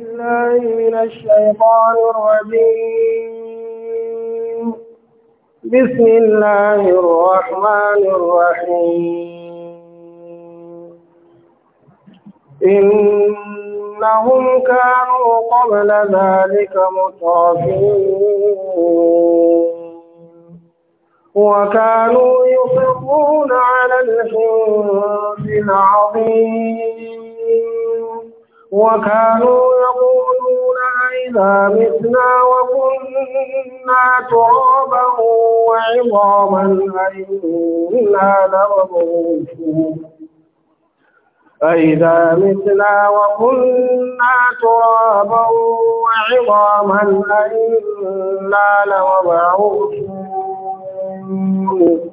الله من الشيطان الرجيم بسم الله الرحمن الرحيم إنهم كانوا قبل ذلك مترفين وكانوا يصرون على الحنف العظيم وكانوا يقولون أئذا متنا وكنا ترابا وعظاما أئنا لمبعوثون أئذا متنا وكنا ترابا وعظاما أئنا لمبعوثون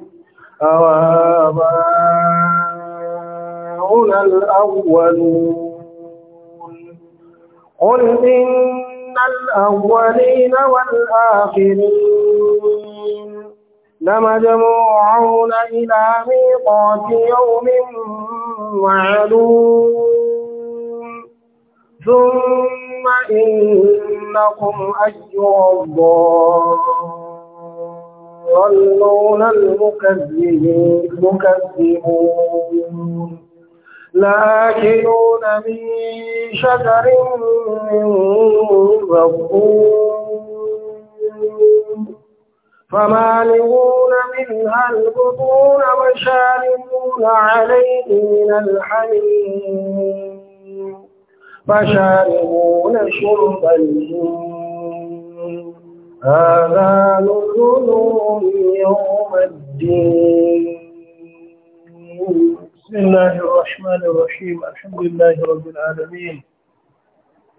أواباؤنا الأولون قل إن الأولين والآخرين لمجموعون إلى ميقات يوم معلوم ثم إنكم أيها الضالون المكذبون لآكلون من شجر من فمالئون منها البطون وشاربون عليه من الحميم فشاربون شرب الهيم هذا نزلهم يوم الدين بسم الله الرحمن الرحيم الحمد لله رب العالمين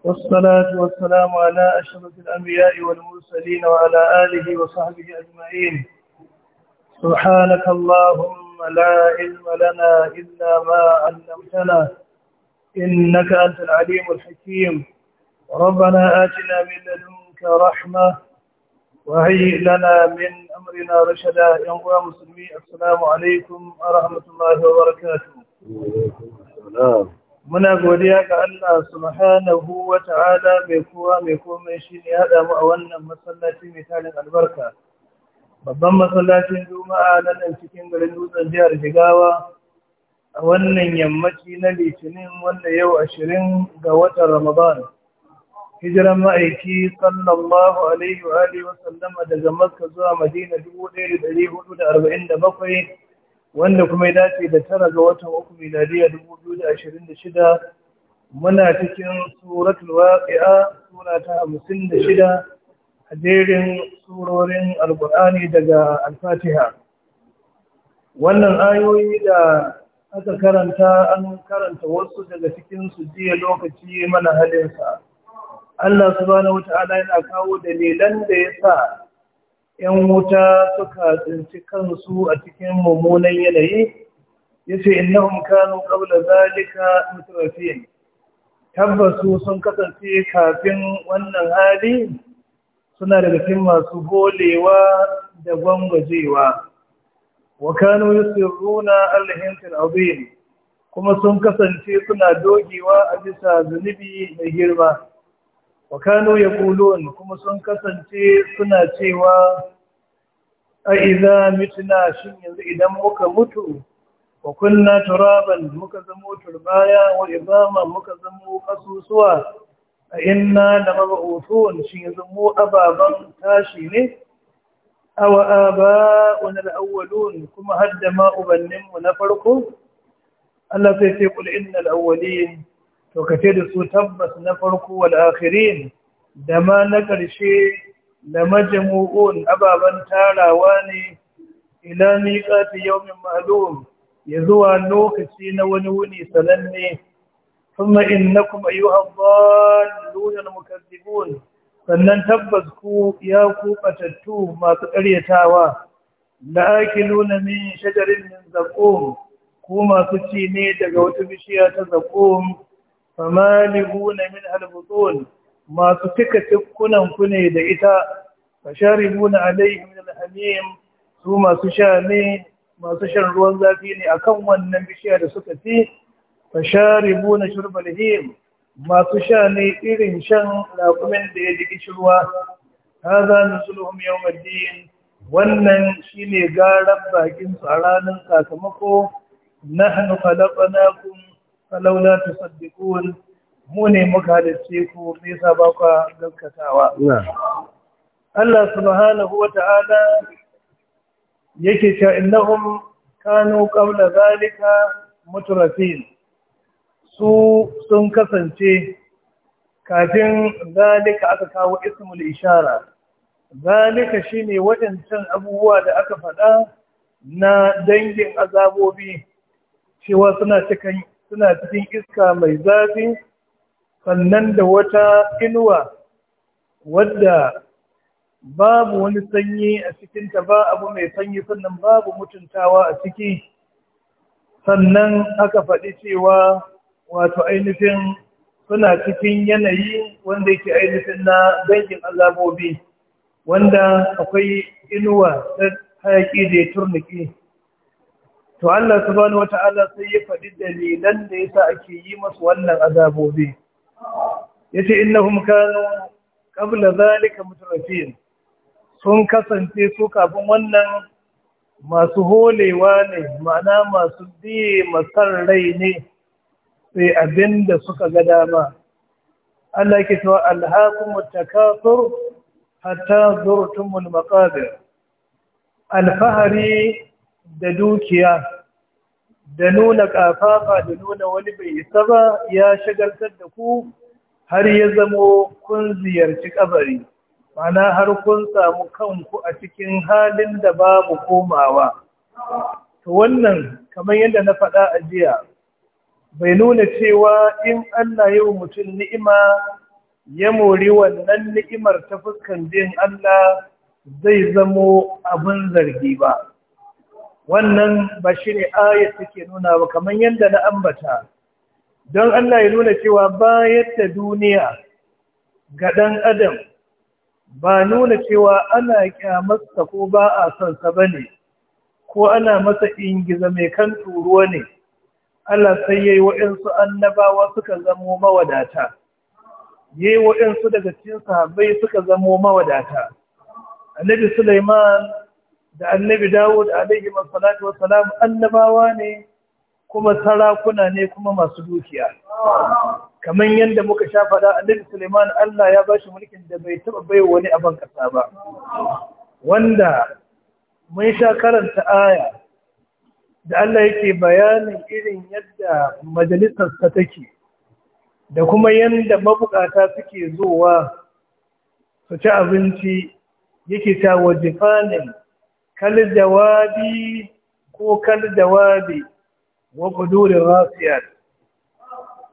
والصلاة والسلام على أشرف الأنبياء والمرسلين وعلى آله وصحبه أجمعين سبحانك اللهم لا علم لنا إلا ما علمتنا إنك أنت العليم الحكيم ربنا آتنا من لدنك رحمة وهيئ لنا من أمرنا رشدا ينقوى مسلمي السلام عليكم ورحمة الله وبركاته muna godiya ga Allah subhanahu wa ta'ala mai kowa mai komai shi ne haɗa mu a wannan masallaci mai tarin albarka babban masallacin juma'a na nan cikin garin dutsen jihar jigawa a wannan yammaci na litinin wanda yau ashirin ga watan ramadan hijiran ma'aiki sallallahu alaihi wa alihi sallama daga maska zuwa madina 1447 wanda kuma ya dace da tara ga watan uku miladiya 2026 muna cikin suratul waqi'a sura ta 56 a jerin surorin alqur'ani daga al-fatiha wannan ayoyi da aka karanta an karanta wasu daga cikin su jiya lokaci mana halinsa Allah subhanahu wata'ala yana kawo dalilan da ya sa ‘yan wuta suka tsinci kansu a cikin mummunan yanayi, ya ce, ina hunkano ƙaula zalika mutrafiyin, tabbasu sun kasance kafin wannan hali suna da cikin masu bolewa da gwangwajewa. Wa runa yusirruna alhintin abin, kuma sun kasance suna dogewa a bisa zunubi mai girma. wa kanu yaqulun kuma sun kasance suna cewa a idza mitna shin yanzu idan muka mutu wa kunna turaban muka zamo turbaya wa idama muka zamo kasusuwa a ina da mabu'utun shin yanzu mu ababen tashi ne aw aba'una al-awwalun kuma hadda ma ubannin mu na farko Allah sai sai kul innal awwalin to ka ce da su tabbas na farko wal akhirin da ma na ƙarshe da majamu’un ababen tarawa ne ila yau min ma'alum. ya zuwa lokaci na wani wuni sananne Kuma ثم إنكم أيها الضالون المكذبون sannan tabbas ku ya ku ɓatattu masu ƙaryatawa la'akiluna min shajarin min zaƙo. ku masu ci ne daga wata bishiya ta zaƙo? famalibuna min albutun masu cika cikkunan ne da ita fasharibuna alaihi min alhamim su masu sha ne masu shan ruwan zafi ne akan wannan bishiya da suka ci fasharibuna shurbal him masu sha ne irin shan raƙumin da ya ji kishirwa haza nusuluhum yawmiddin wannan shine garar bakin a ranar sakamako nahnu khalaqnakum falaula tusaddiqun mu ne muka halice ku me yasa ba ku gaskatawa Allah subhanahu wata'ala yake cewa innahum kanu qabla zalika mutrafin su sun kasance kafin zalika aka kawo ismul ishara zalika shine waɗancan abubuwa da aka faɗa na dangin azabobi cewa suna cikin suna cikin iska mai zafi sannan da wata inuwa wadda babu wani sanyi a cikinta ba abu mai sanyi sannan babu mutuntawa a ciki sannan aka faɗi cewa wato ainihin suna cikin yanayi wanda yake ainihin na dangin azabobi wanda akwai inuwa ta hayaƙi da ya turnuƙi. to Allah subhanahu wata'ala sai ya faɗi dalilan da yasa ake yi masu wannan azabobi yace innahum kanu qabla zalika mutrafin sun kasance su kafin wannan masu holewa ne ma'ana masu biye masar rai ne sai abinda suka ga dama Allah yake cewa alhaqum takasur hatta zurtumul maqabir alfahari da dukiya da nuna kafafa da nuna wani bai isa ba ya shigartar da ku har ya zamo kun ziyarci kabari mana har kun samu kanku a cikin halin da babu komawa to wannan kamar yadda na faɗa a jiya bai nuna cewa in Allah yau mutum ni'ima ya mori wannan ni'imar ta fuskan jin Allah zai zamo abin zargi ba wannan ba shi ne ayat take nuna ba kamar yadda na ambata don Allah ya nuna cewa bayar da duniya ga ɗan adam ba nuna cewa ana kyamarsa ko ba a sonsa ba ne ko ana masa ingiza mai kan turuwa ne Allah sai ya yi wa'insu annabawa suka zamo mawadata ya yi wa'insu daga cikin sahabbai suka zamo mawadata annabi Suleiman. da annabi dawud alaihi wassalatu wassalam annabawa ne kuma sarakuna ne kuma masu dukiya kamar yadda muka sha faɗa annabi suleiman allah ya bashi mulkin da bai taɓa bai wani abin ƙasa ba wanda mun sha karanta aya da allah yake bayanin irin yadda majalisarsa take da kuma yadda mabukata suke zuwa su ci abinci yake ta wajifanin kal jawabi ko kal jawabi, wa quduri rasiyat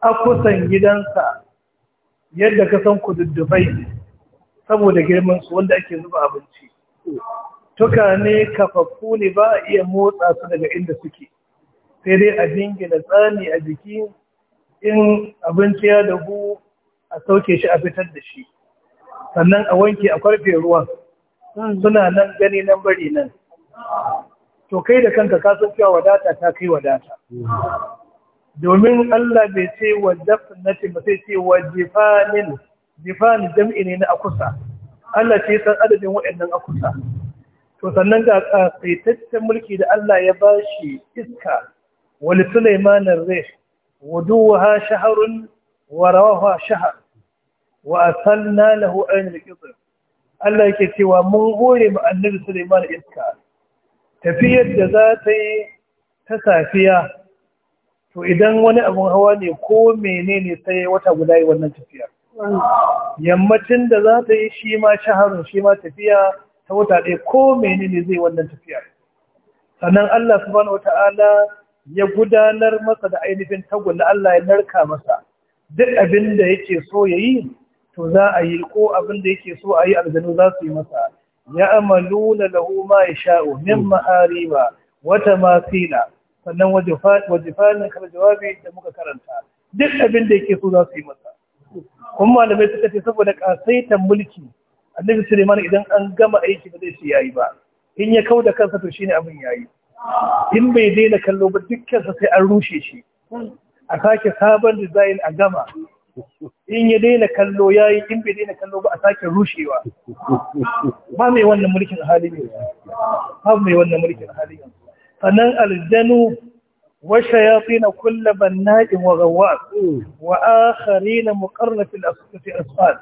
a kusan gidansa yadda ka san kududdufai saboda girman su wanda ake zuba abinci tukane kafaffu ne ba a iya motsa su daga inda suke sai dai a jingina tsani a jiki in abinci ya dahu a sauke shi a fitar da shi sannan a wanke a kwarfe ruwan suna nan gani nan bari nan to kai da kanka ka cewa wadata ta kai wadata domin Allah bai ce wa dafnati ba sai ce wa jifanin jifan jam'i ne na akusa Allah ce san adadin waɗannan akusa to sannan ga kaitaccen mulki da Allah ya bashi iska wa li Sulaiman ar-rih wuduha shahrun wa rawaha shahr wa asalna lahu ayn al-qitr Allah yake cewa mun gore mu annabi Sulaiman iska tafiyar da za ta yi ta safiya to idan wani abin hawa ne ko menene sai wata guda yi wannan tafiya yammacin da za ta yi shi ma shaharun shi ma tafiya ta wata ɗaya ko menene zai wannan tafiya sannan Allah subhanahu wata'ala ya gudanar masa da ainihin tagulla Allah ya narka masa duk abin da yake so ya yi to za a yi ko abin da yake so a yi aljanu za su yi masa ya'maluna lahu ma yasha'u min ma'ariba wa tamasila sannan wajifanin kar jawabi da muka karanta duk abin da yake so za su yi masa kuma malamai suka ce saboda kasaitan mulki annabi suleiman idan an gama aiki ba zai ce yayi ba in ya kau da kansa to shine abin yayi in bai daina kallo ba dukkansa sai an rushe shi a sake sabon design a gama in ya daina kallo ya yi in bai daina kallo ba a sake rushewa ba mai wannan mulkin hali ne ba mai wannan mulkin hali ne sannan aljanu wa kulla ban na'in wa ghawwas wa na muqarrab fil asfati asfal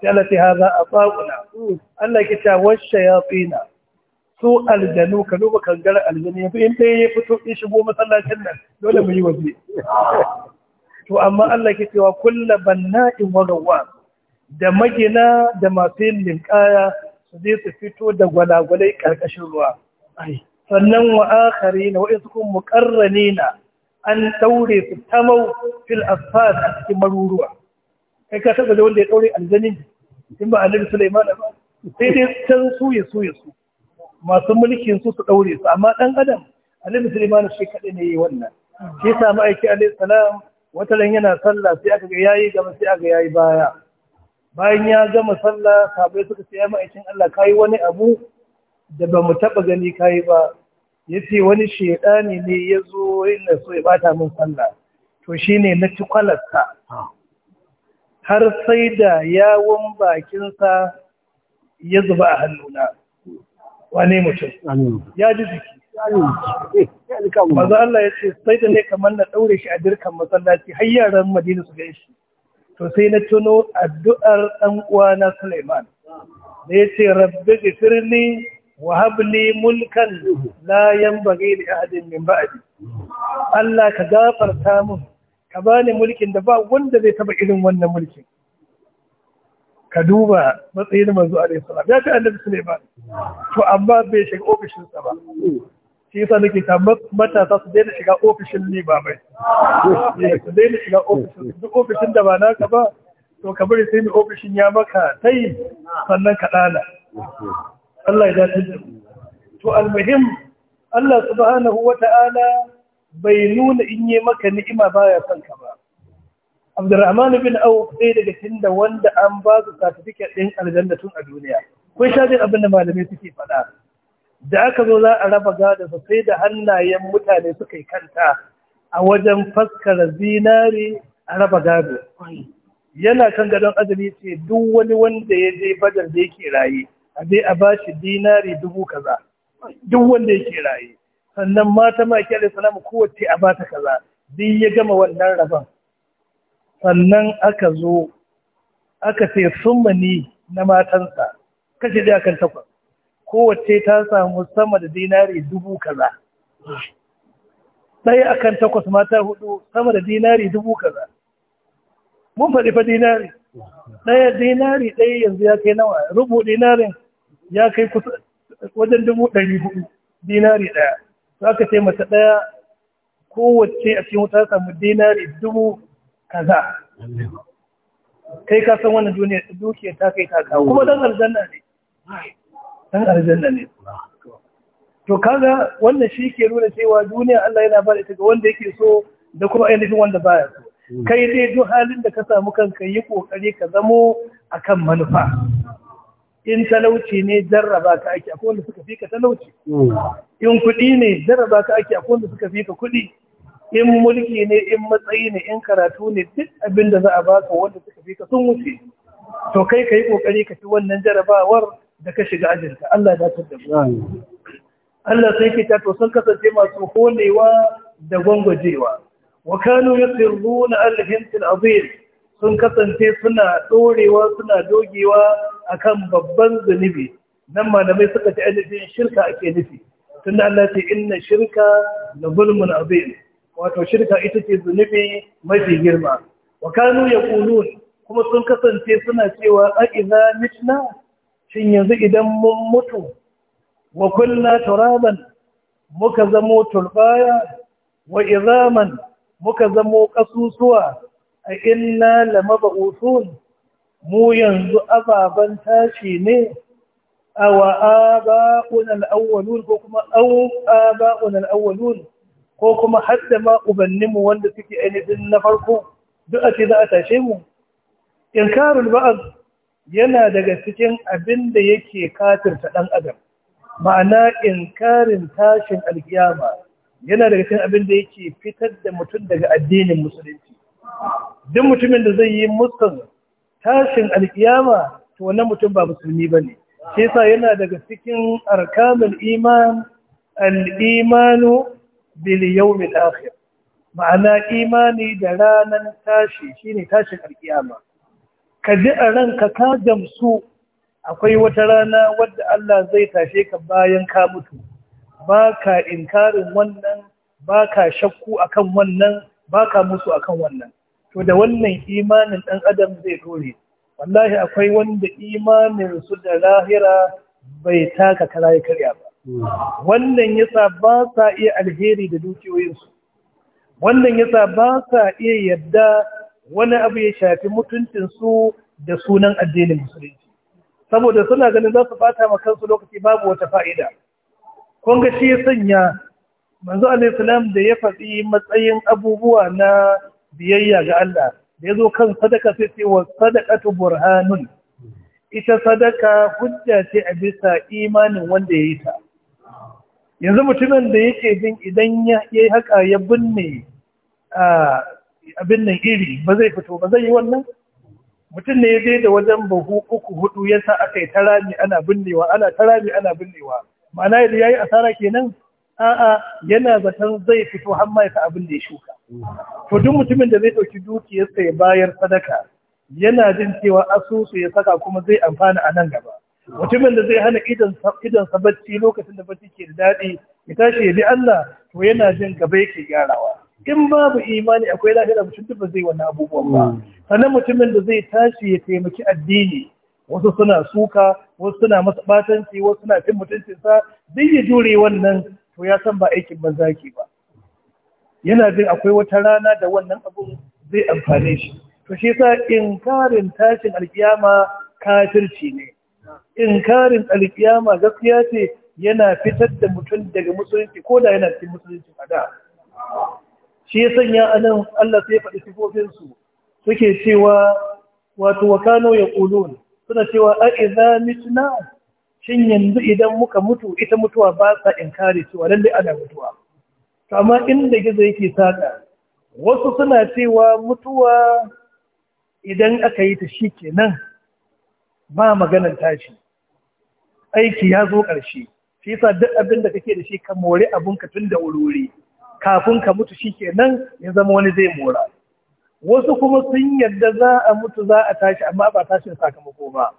za a ataquna Allah ke ta wa na su aljanu ka duba kangara aljanu in dai ya fito in shigo masallacin nan dole mu yi waje to amma Allah ke cewa kulla banna'in wagawa da magina da masu yin linkaya su je su fito da gwalagwalai karkashin ruwa sannan wa akhari na wa'in sukun muƙarrani na an daure su tamau fil asfad a cikin maruruwa kai ka taɓa da wanda ya daure aljanin in ba annabi Sulaiman ba sai dai can su ya su ya su masu mulkin su su daure su amma ɗan adam annabi Sulaiman shi kadai ne yi wannan shi yasa ma'aiki alaihi salam wata ran yana sallah sai aka ga yayi gama sai aka yayi baya bayan ya gama sallah sabai suka ce mai cin Allah kai wani abu da ba mu taba gani kai ba yace wani shedani ne ya zo yana so ya bata min sallah to shine na ci kwalarsa har sai da yawon bakinsa ya zuba a hannuna wane mutum ya ji jiki Maza Allah ya ce sai da ne kamar na ɗaure shi a dirkan masallaci har yaran Madina su shi. To sai na tuno addu'ar ɗan uwana Suleiman. Da ya ce rabbi gifirni wa habli mulkan la yanbaghi li ahadin min ba'di. Allah ka gafarta mun ka bani mulkin da ba wanda zai taba irin wannan mulkin. ka duba matsayin manzo alaihi salam ya fi annabi Suleiman to amma bai shiga ofishinsa ba shi yasa nake ta matasa su daina shiga ofishin ne ba mai su daina shiga ofishin duk ofishin da ba naka ba to ka bari sai mai ofishin ya maka yi sannan ka dana Allah ya dace da to almuhim Allah subhanahu ta'ala bai nuna in yi maka ni'ima baya son ka ba Abdurrahman bin Auf ɗaya daga cikin da wanda an ba su certificate din aljanna tun a duniya kun sha jin abin da malamai suke faɗa da aka zo za a raba su sai da hannayen mutane suka yi kanta a wajen faskara zinari a raba gado yana kan gadon azumi ce duk wani wanda ya je badar da yake raye a zai a bashi dinari dubu kaza duk wanda yake raye sannan mata ma ke alaihi salamu kowace a bata kaza duk ya gama wannan rabon sannan aka zo aka ce summani na matansa kashe da kan takwas kowace ta samu sama da dinari dubu kaza ɗaya akan takwas mata hudu sama da dinari dubu kaza mun faɗi fa dinari ɗaya dinari ɗaya yanzu ya kai nawa rubu dinarin ya kai kusa wajen dubu ɗari hudu dinari ɗaya za ka ce mata ɗaya kowace a cikin wuta samu dinari dubu kaza kai ka san wannan duniya dukiyar ta kai ta kawo kuma don aljanna ne ɗan aljanna ne to kaga wannan shi ke nuna cewa duniya Allah yana bada ita ga wanda yake so da kuma ainihin wanda baya so hmm. kai dai duk halin da ka samu kanka yi kokari ka zamo akan manufa in talauci ne jarraba ka ake akwai wanda suka fi ka talauci hmm. in kuɗi ne jarraba ka ake akwai wanda suka fi ka kuɗi in mulki ne in matsayi ne in karatu ne duk abin da za a baka wanda suka fi ka sun wuce to kai ka yi kokari ka ci wannan jarrabawar da ka shiga ajinta Allah ya dace da mu Allah sai ke tato sun kasance masu holewa da gwangwajewa wa kanu yusirruna al azim sun kasance suna dorewa suna dogewa akan babban zunubi nan malamai suka ci ainihin shirka ake nufi tunda Allah ce inna shirka la zulmun azim wato shirka ita ce zunubi mafi girma wa kanu yaqulun kuma sun kasance suna cewa a idza mitna shin yanzu idan mun mutu wa kunna turaban muka zamo turbaya wa izaman muka zamo kasusuwa a inna lamab'uthun mu yanzu ababan tashi ne aw aba'una al-awwalun ko kuma aw aba'una al-awwalun ko kuma hadda ma ubanninmu wanda suke ainihin na farko duk a ce za a tashe mu inkarul ba'd yana daga cikin abin da yake katirta ɗan adam ma'ana inkarin tashin alkiyama yana daga cikin abin da yake fitar da mutum daga addinin musulunci duk mutumin da zai yi muskan tashin alkiyama to wannan mutum ba musulmi ba ne shi yasa yana daga cikin arkanul iman al-imanu bil yawmil akhir ma'ana imani da ranan tashi shine tashin alkiyama ka ji a ranka ka gamsu akwai wata rana wadda Allah zai tashe ka bayan ka mutu ba ka inkarin wannan ba ka shakku akan wannan ba ka musu akan wannan to da wannan imanin ɗan adam zai dore wallahi akwai wanda imanin su da lahira bai taka kara ya karya ba wannan yasa ba sa iya alheri da dukiyoyinsu wannan yasa ba sa iya yadda wani abu ya shafi mutuncinsu da sunan addinin musulunci saboda suna ganin za su bata ma kansu lokaci babu wata fa'ida kun ga shi sanya manzo alaihissalam da ya faɗi matsayin abubuwa na biyayya ga Allah da ya zo kan sadaka sai ce wa sadaqatu burhanun ita sadaka hujja ce a bisa imanin wanda ya yi ta yanzu mutumin da yake bin idan ya yi haka ya binne a ah, abin nan iri ba zai fito ba zai yi wannan mutum ne ya je da wajen buhu uku hudu ya sa aka yi tarami ana binnewa ana tarami ana binnewa ma'ana yadda ya yi asara kenan a'a yana zaton zai fito har ma yasa abin da ya shuka to duk mutumin da zai ɗauki dukiyarsa ya bayar sadaka yana jin cewa asusu ya saka kuma zai amfana a nan gaba mutumin da zai hana idan sa bacci lokacin da bacci ke da daɗi ya tashi ya bi Allah to yana jin gaba yake gyarawa in babu imani akwai da mutum duk ba zai wani abubuwan ba mm. sannan mutumin da zai tashi ya taimaki addini wasu suna suka wasu suna masa batanci wasu suna cin mutuncinsa zai yi jure wannan to ya san ba aikin banza ke ba yana jin akwai wata rana da wannan abun zai amfane shi to shi yasa inkarin tashin alkiyama kafirci ne inkarin alkiyama gaskiya ce yana fitar da mutum daga musulunci ko da yana cikin musulunci a da shi ya sanya anan Allah sai ya faɗi sifofinsu suke cewa wato wakano ya ne, suna cewa a iza mitna shin yanzu idan muka mutu ita mutuwa ba sa inkari cewa lalle ana mutuwa to amma inda gizo yake saka wasu suna cewa mutuwa idan aka yi ta shi kenan ba maganar tashi aiki ya zo ƙarshe shi yasa duk abin da kake da shi ka more abun ka tun da wuri kafin ka mutu shi nan, ya zama wani zai mora wasu kuma sun yadda za a mutu za a tashi amma ba tashin sakamako ba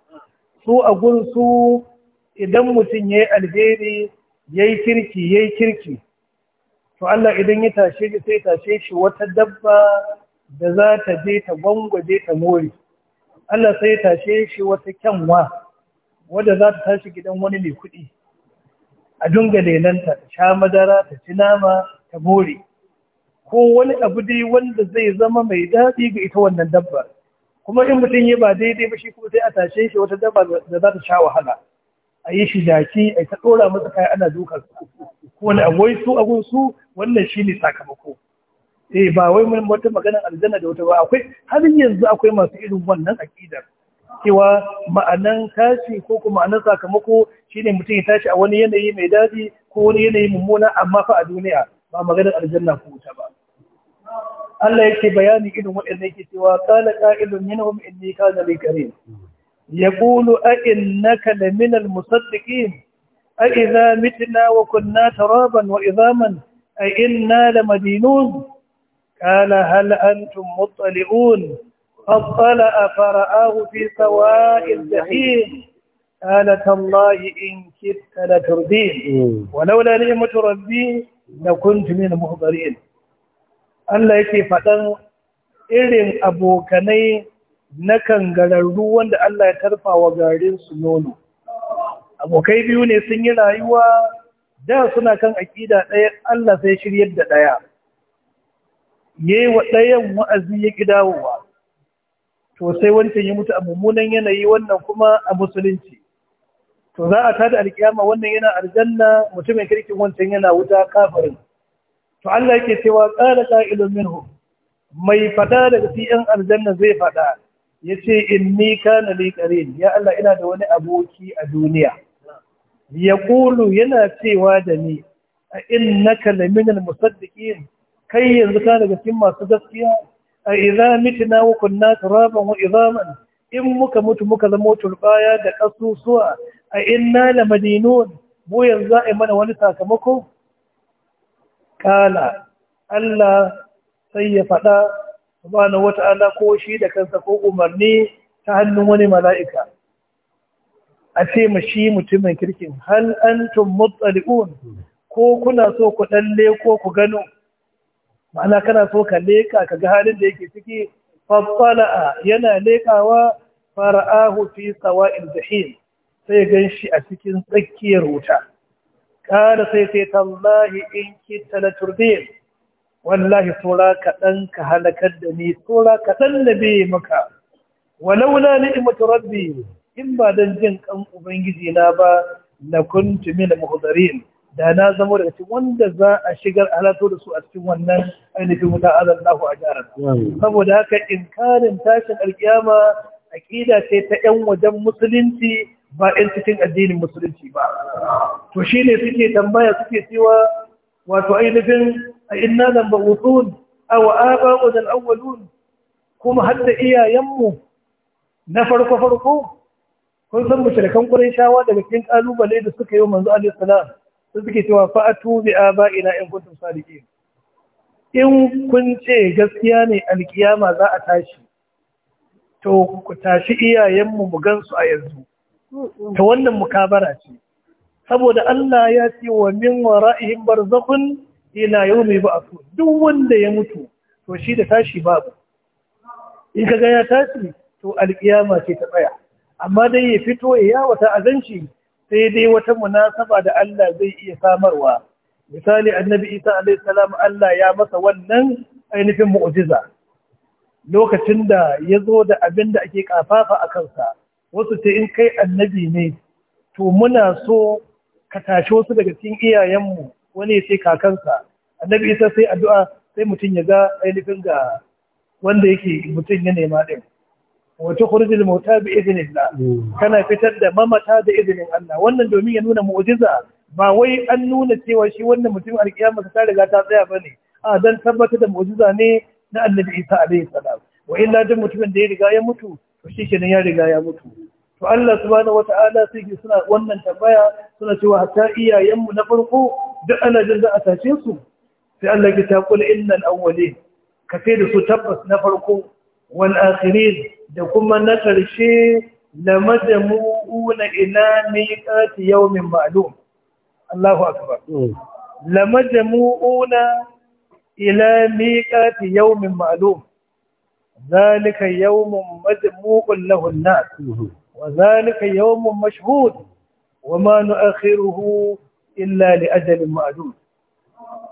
su a su idan mutum ya yi alheri ya yi kirki ya yi kirki to Allah idan ya tashe shi sai tashe shi wata dabba da za ta je ta gwangwaje ta more Allah sai ya tashe shi wata kyanwa wadda za ta tashi gidan wani mai kuɗi a dunga lelanta ta sha madara ta ci nama ta more ko wani abu dai wanda zai zama mai daɗi ga ita wannan dabbar kuma in mutum yi ba daidai ba shi kuma sai a tashe shi wata dabba da za ta sha wahala a yi shi jaki a ta ɗora masa kaya ana dukar su ko wani abuwai su abun su wannan shi ne sakamako eh ba wai mun wata maganar aljanna da wata ba akwai har yanzu akwai masu irin wannan aƙidar cewa ma'anan tashi ko kuma ma'anan sakamako shine mutum ya tashi a wani yanayi mai daɗi ko wani yanayi mummuna amma fa a duniya ba maganar aljanna ko wuta ba Allah yake bayani irin waɗanda yake cewa qala qa'ilun minhum inni kana li karim yaqulu a innaka lamina al-musaddiqin a idza mitna wa kunna turaban wa idhaman a inna lamadinun qala hal antum muttali'un فاطلع فرآه في سواء الجحيم قال تالله إن كدت لتردين ولولا نعمة ربي da kuntu min muhdarin Allah yake faɗan irin abokanai na kangararru wanda Allah ya tarfa wa garin nono abokai biyu ne sun yi rayuwa da suna kan aƙida ɗaya Allah sai shiryar da ɗaya yi wa ɗayan wa'azi ya ƙi dawowa to sai wancan ya mutu a mummunan yanayi wannan kuma a musulunci to za a tada alkiyama wannan yana aljanna mutumin kirkin wancan yana wuta kafirin to Allah yake cewa qala qa'ilun minhu mai fada daga cikin aljanna zai fada yace inni kana li qarin ya Allah ina da wani aboki a duniya yaqulu yana cewa da ni a innaka laminal musaddiqin kai yanzu ka daga cikin masu gaskiya a idza mitna wa kunna turaban wa idaman in muka mutu muka zama turbaya da kasusuwa a inna la madinun mu za a mana wani sakamako kala Allah sai ya faɗa subhanahu wata'ala ko shi da kansa ko umarni ta hannun wani mala'ika a ce ma shi mutumin kirkin hal antum mutsali'un ko kuna so ku ɗalle ko ku gano ma'ana kana so ka leka ka ga halin da yake ciki fafala'a yana leƙawa fara'ahu fi sawa'il jahim sai gan shi a cikin tsakiyar wuta Kada sai sai tallahi in kita na wallahi tsora kaɗan ka halakar da ni tsora kaɗan da bai maka walaula ni'imatu rabbi in ba don jin kan ubangiji na ba na kuntu na muhdarin da na zama daga cikin wanda za a shigar alato da su a cikin wannan ainihin wuta azallahu a jarar saboda haka inkarin tashin alkiyama aƙida ce ta 'yan wajen musulunci ba 'yan cikin addinin musulunci ba to shi ne suke tambaya suke cewa wato ainihin a ina nan ba wutsun a wa'aba wajen awwalun kuma har iyayenmu na farko-farko kun san mushrikan shawa daga cikin ƙalubale da suka yi manzo Ali salam Su suke cewa fa'atu bi ina in kuntun sadiqin in kun ce gaskiya ne alkiyama za a tashi to ku tashi iyayenmu mu gansu a yanzu ta wannan mukabara ce saboda Allah ya ce wa min wara'ihim barzakhun ila yawmi ba'thu duk wanda ya mutu to shi da tashi babu in kaga ya tashi to alkiyama ce ta tsaya amma dai ya fito ya yawata azanci sai dai wata munasaba da Allah zai iya samarwa misali annabi Isa alaihi salam Allah ya masa wannan ainihin mu'jiza lokacin da ya zo da abin da ake kafafa a kansa wasu ce in kai annabi ne to muna so ka tashi wasu daga cikin iyayenmu wani ya ce kakansa annabi isa sai addu'a sai mutum ya ga ainihin ga wanda yake mutum ya nema din wata khurujul mota bi idnillah hmm. kana fitar da mamata da izinin Allah wannan domin ya nuna mu'jiza ba wai an nuna cewa shi wannan mutum alkiyama ta riga ta tsaya ba ne. a dan tabbatar da mu'jiza ne na annabi isa alaihi salam wa illa duk mutumin da ya riga ya mutu to shi kenan ya riga ya mutu to Allah subhanahu wata'ala sai suna wannan tambaya suna cewa hatta iyayenmu na farko duk ana jin za a tashe su sai Allah ya ta kula innal awwalin ka sai da su tabbas na farko wal akhirin da kuma na karshe lamajamu'una ila miqati yawmin ma'lum Allahu akbar mm. lamajamu'una ila miqati yawmin ma'lum ذلك يوم مذموع له الناس وذلك يوم مشهود وما نؤخره إلا لأجل معدود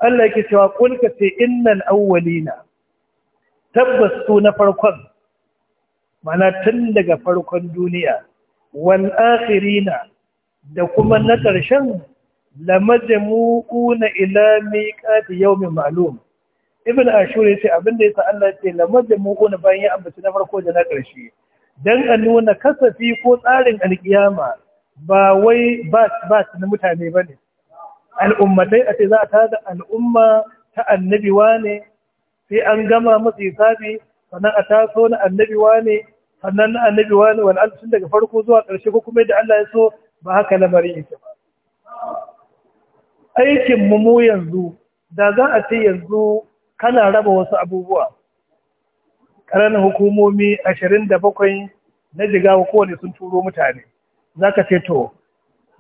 Allah yake cewa kulka ce innan awwalina tabbas su na farkon mana tun daga farkon duniya wal akhirina da kuma na ƙarshen lamajmu'una ila miqat yawmi ma'lum ibn ashur ya ce abin da ya sa Allah ce lamar da mu kuna bayan ya ambaci na farko da na ƙarshe dan a nuna kasafi ko tsarin alkiyama ba wai ba ba na mutane bane al'ummatai a ce za ta da al'umma ta annabi wane sai an gama yi hisabi sannan a taso na annabi wane sannan na annabi wane wal tun daga farko zuwa ƙarshe ko kuma yadda Allah ya so ba haka lamarin yake ba aikin mu yanzu da za a ce yanzu kana raba wasu abubuwa ƙananan hukumomi ashirin da bakwai na jigawa kowane sun turo mutane za ka ce to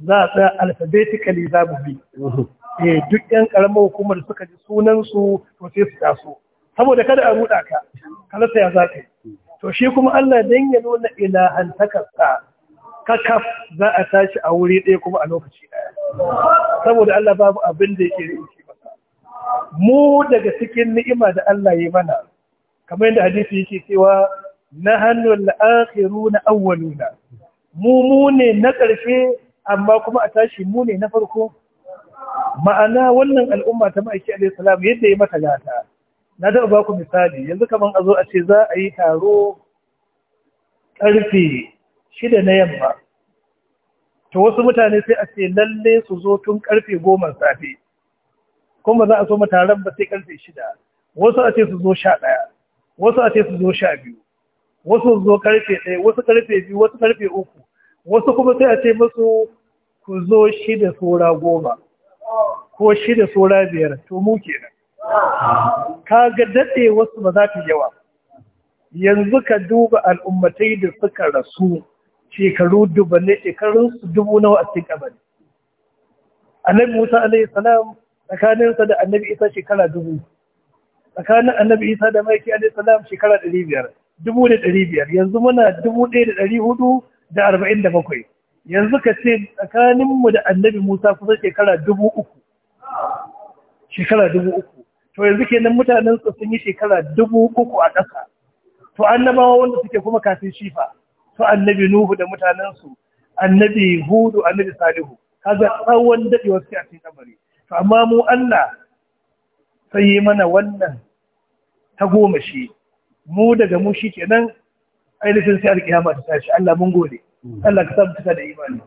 za a tsaya alphabetically za mu bi mhm. eh duk yan karamar hukumar suka ji sunansu to sai su taso saboda kada a ruɗa ka kada sai ya zaka to shi kuma Allah dan ya nuna Ka kakaf za a tashi a wuri ɗaya kuma a lokaci ɗaya saboda Allah babu abin da yake mu daga cikin ni'ima da Allah ya mana kamar yadda hadisi yake cewa nahnu al na awwaluna mu mu ne na ƙarshe amma kuma a tashi mu ne na farko ma'ana wannan al'umma ta ma'aiki alayhi salam yadda ya mata gata na da ba ku misali yanzu kaman a zo a ce za a yi taro karfe shida na yamma to wasu mutane sai a ce lalle su zo tun karfe goma safe kuma za a so taron ba sai karfe shida wasu a ce su zo sha ɗaya wasu a ce su zo sha biyu wasu zo karfe ɗaya wasu karfe biyu wasu karfe uku wasu kuma sai a ce musu ku zo shida saura goma ko shida saura biyar to mu kenan ka ga daɗe wasu ba za ta yawa yanzu ka duba al'ummatai da suka rasu shekaru dubanne su dubu nawa a cikin kabari annabi musa alaihi salam tsakaninsa da annabi isa shekara dubu tsakanin annabi isa da maiki alaihi salam shekara ɗari biyar dubu da ɗari biyar yanzu muna dubu ɗaya da ɗari hudu da arba'in da bakwai yanzu ka ce tsakaninmu da annabi musa kusan shekara dubu uku shekara dubu uku to yanzu kenan mutanen su sun yi shekara dubu uku a ƙasa to annabawa wanda suke kuma kafin shifa to annabi nuhu da mutanensu annabi hudu annabi salihu kaga tsawon daɗewa suke a cikin kabari to amma mu Allah sai yi mana wannan ta goma shi mu daga mu shi nan, ainihin sai alƙiyama ta tashi Allah mun gode Allah ka samu cika da imani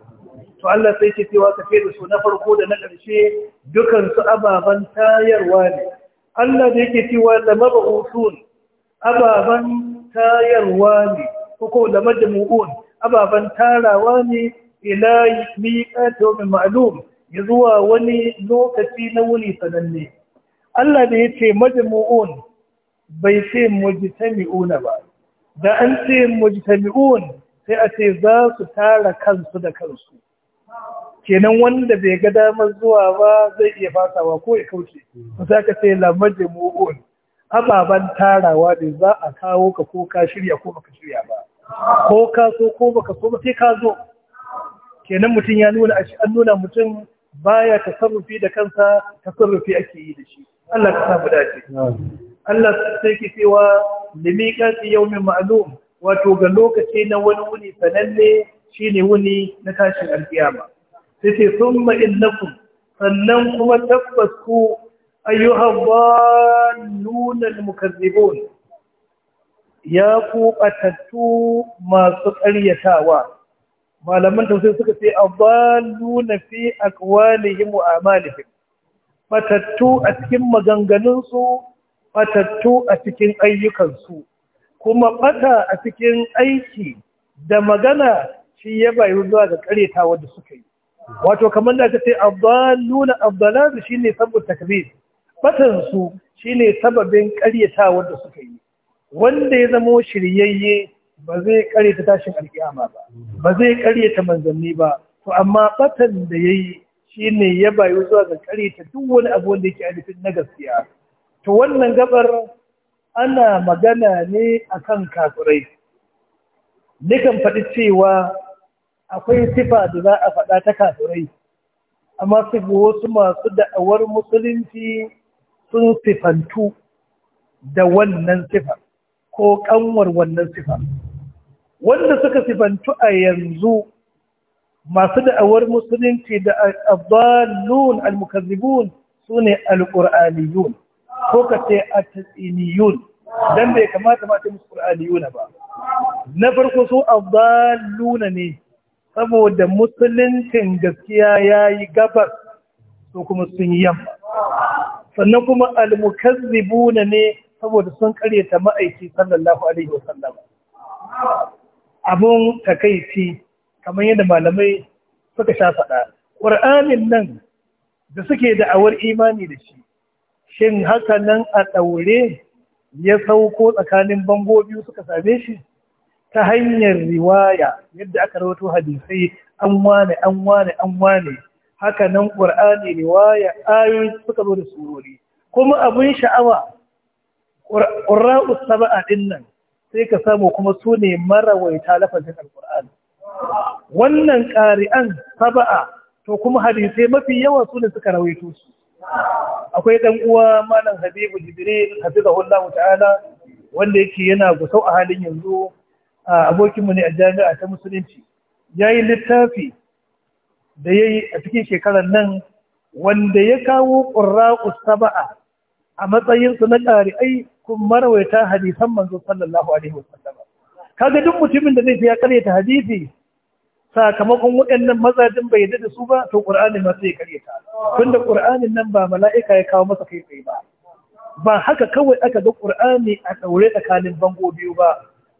to Allah sai ke cewa ka da su na farko da na ƙarshe dukan su ababan tayarwa ne Allah da yake cewa da mabu'usun ababan tayarwa ne ko da majmu'un ababan tarawa ne ila miqatu min ma'lum ya zuwa wani lokaci na wuni sananne Allah da ya ce majmu'un bai ce mujtami'una ba da an ce mujtami'un sai a ce za su tara kansu da kansu kenan wanda bai ga damar zuwa ba zai iya fasawa ko ya kauce za ka ce la majmu'un ababen tarawa ne za a kawo ka ko ka shirya ko baka shirya ba ko ka so ko baka so ba sai ka zo kenan mutum ya nuna an nuna mutum baya tasarrufi da kansa tasarrufi ake yi da shi Allah ka samu dace Allah sai ke cewa yau min ma'lum wato ga lokaci na wani wuni sananne shine wuni na tashin alkiyama sai ce summa innakum sannan kuma tabbas ku ayyuha dhalluna almukazzibun ya ku atattu masu ƙaryatawa malaman tausayi suka ce adalluna fi aqwalihim wa a'malihim fatattu a cikin maganganunsu fatattu a cikin ayyukansu kuma fata a cikin aiki da magana shi ya bayu zuwa ga karyata wanda suka yi wato kamar da aka ce abdalluna abdallazu shi ne sabon takbir fatansu shi ne sababin karyata da suka yi wanda ya zamo shiryayye ba zai ta tashin alkiyama ba ba zai ta manzanni ba to amma batan da ya yi shi ne ya bayu zuwa ga ta duk wani abu wanda yake alifin na gaskiya to wannan gabar ana magana ne a akan kafirai nikan faɗi cewa akwai sifa da za a faɗa ta kafirai amma su wasu masu da'awar musulunci sun sifantu da wannan sifa ko kanwar wannan sifa wanda suka sifantu a yanzu masu da'awar musulunci da abdallun mukazibun su ne alƙur'aniyun ko ka ce a don bai kamata ma ta musu ba na farko su abdalluna ne saboda musuluncin gaskiya ya yi gabas su kuma sun yi yamma sannan kuma al-mukazibuna ne saboda sun karyata ma'aiki sallallahu alaihi wasallam abun takaici kamar yadda malamai suka sha faɗa ƙur'anin nan da suke da'awar imani da shi shin haka nan a ɗaure ya sauko tsakanin bango biyu suka same shi ta hanyar riwaya yadda aka rawato hadisai an wane an wane an wane haka nan ƙur'ani riwaya ayoyi suka zo da surori kuma abin sha'awa ƙura'u saba'a ɗin nan sai ka samu kuma su ne marawaita lafazin alkur'ani wannan ƙari'an saba'a to kuma hadisai mafi yawa su ne suka rawaito su akwai ɗan uwa malam habibu jibril hafizahullahu ta'ala wanda yake yana gusau a halin yanzu a abokinmu ne a jami'a ta musulunci ya yi littafi da ya yi a cikin shekarar nan wanda ya kawo ƙurra'u saba'a a matsayinsu na ƙari'ai kun marwaita hadisan manzo sallallahu alaihi wasallam kaga duk mutumin da zai fi ya karyata hadisi sakamakon waɗannan mazajin bai yadda da su ba to qur'ani ma sai ya karyata tunda qur'anin nan ba mala'ika ya kawo masa kai tsaye ba ba haka kawai aka ga qur'ani a daure tsakanin bango biyu ba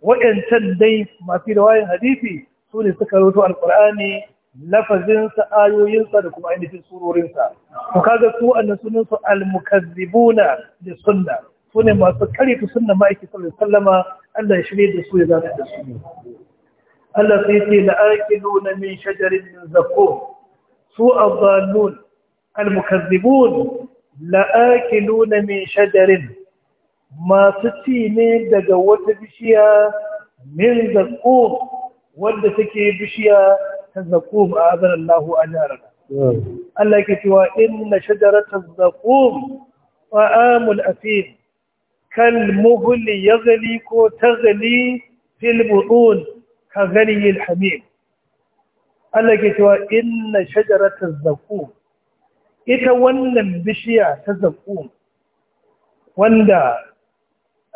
waɗancan dai masu rawayin hadisi su ne suka roto alqur'ani lafazinsa ayoyinsa da kuma ainihin surorinsa to kaga su annan sunan su almukazzibuna da sunna su ne masu kare ta sunna ma'aiki sallallahu sallama Allah ya shirye da su ya zata da su Allah sai ce la'akiluna min shajarin min zakkum su adallun almukazzibun la'akiluna min shajarin masu ci ne daga wata bishiya min zakkum wanda take bishiya ta zakkum a azan hmm. Allah a jarana Allah ke cewa inna ta zakkum fa'amul asim kal ya yaghli ko taghli fil butun ka ghali yin hamim Allah ke cewa inna shajarata zakum ita wannan bishiya ta zakum wanda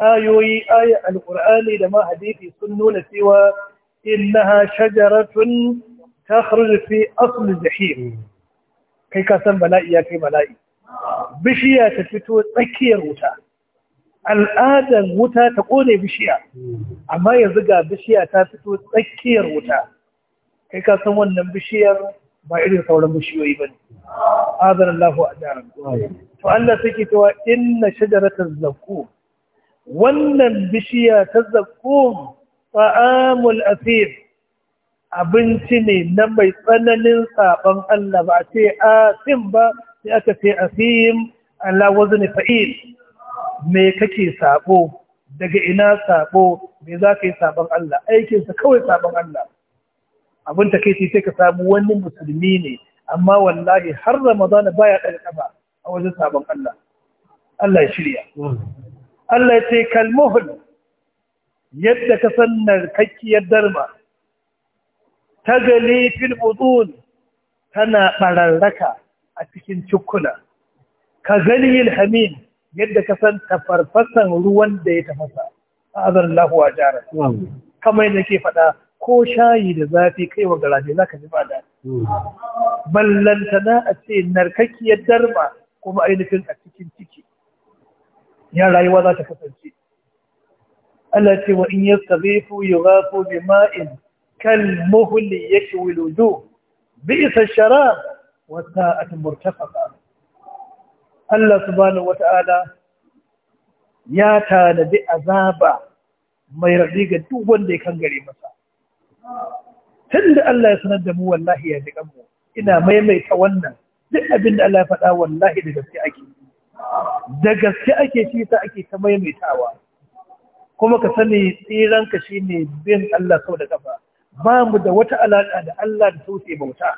ayoyi ayi alqur'ani da ma sun nuna cewa innaha tun ta fi asl jahim kai ka san bala'i ya kai bala'i bishiya ta fito tsakiyar wuta al'adar wuta ta kone bishiya amma yanzu ga bishiya ta fito tsakiyar wuta kai ka san wannan bishiyar ba irin sauran bishiyoyi ba ne azan Allah a jaran to Allah take cewa inna shajaratal zakkum wannan bishiya ta zakkum ta'amul asir abinci ne na mai tsananin saban Allah ba a ce asim ba sai aka ce asim ala wazni fa'il me kake sabo daga ina sabo me za ka yi sabon Allah aikinsa kawai sabon Allah abin ta kai sai ka samu wani musulmi ne amma wallahi har ramadana baya ɗaga ƙafa a wajen sabon Allah Allah ya shirya Allah ya ce kalmuhul yadda ka san narkakkiyar darma ta gali fil tana bararraka a cikin cukuna, ka gani hamin yadda ka san tafarfasan ruwan da ya tafasa a azan lahuwa a jara kamar yadda ke faɗa ko shayi da zafi kai wa garaje za ka ji ba da mm. ballantana a ce narkakkiyar darba kuma ainihin a cikin ciki ya rayuwa za ta kasance Allah ce wa in ya yughafu bima'in kal muhli bi isa shara wata a sa'at murtafaqa Allah subhanahu wata'ala ya tanadi azaba mai raɗi ga duk wanda ya kangare masa tun da Allah ya sanar da mu wallahi ya jiƙan mu ina maimaita wannan duk abin da Allah ya faɗa wallahi da gaske ake da gaske ake shi ta ake ta maimaitawa kuma ka sani tsiranka shi ne bin Allah sau da kafa ba mu da wata alaƙa da Allah da sauke bauta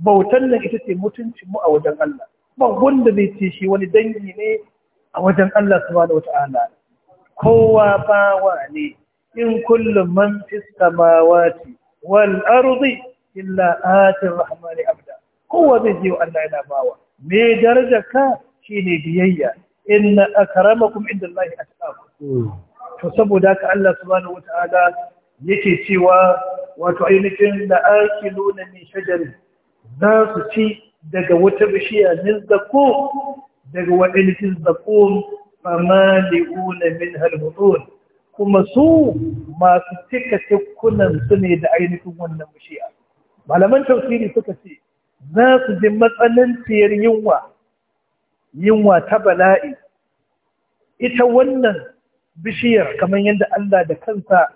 bautan nan ita ce mutuncin mu a wajen Allah ba wanda zai ce shi wani dangi ne a wajen Allah subhanahu wata'ala kowa bawa ne in kullum man fis samawati wal ardi illa atir rahmani abda kowa zai ji wa Allah yana bawa me daraja ka shine biyayya inna akramakum indallahi atqakum to saboda haka Allah subhanahu wata'ala yake cewa wato ainihin da akiluna min shajar za su ci daga wata bishiya min zako daga waɗansu zakum famali'una min halhudun kuma su masu cika cikunan su ne da ainihin wannan bishiya malaman tausiri suka ce za su ji matsananciyar yunwa yunwa ta bala'i ita wannan bishiyar kamar yadda Allah da kansa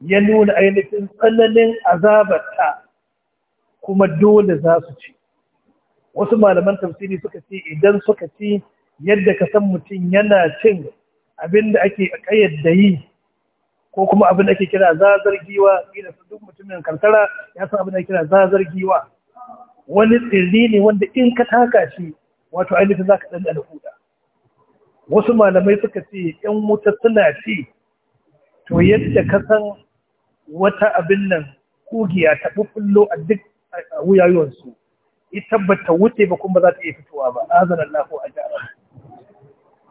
ya nuna ainihin tsananin azabarta kuma dole za su ci wasu malaman tafsiri suka ce idan suka ci yadda ka san mutum yana cin abin da ake kayyada yi ko kuma abin da ake kira zazar ina su duk mutumin karkara ya san abin da ake kira zazar wani tsirri ne wanda in ka taka shi wato ainihin za ka ɗanɗana huda wasu malamai suka ce ‘yan wuta suna ci to yadda ka san wata abin nan kugiya ta ɓuɓɓullo a duk wuyayuwansu ita ba wuce ba kuma za ta iya fitowa ba azan Allah ko ajara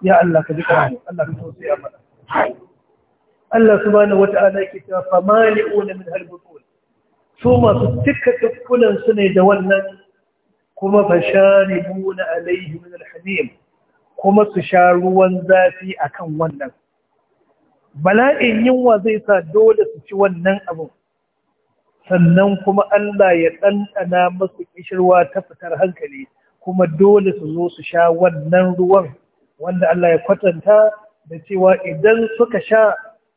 ya Allah ka ji karamu Allah ka ya mana Allah su bani subhanahu wata'ala yake cewa famali'una min halbutul su masu tikka tukkunan su ne da wannan kuma ne fasharibuna alaihi min alhamim kuma su sha ruwan zafi akan wannan bala'in yunwa zai sa dole su ci wannan abin sannan kuma Allah ya ɗanɗana masu ƙishirwa ta fitar hankali kuma dole su zo su sha wannan ruwan wanda Allah ya kwatanta da cewa idan suka sha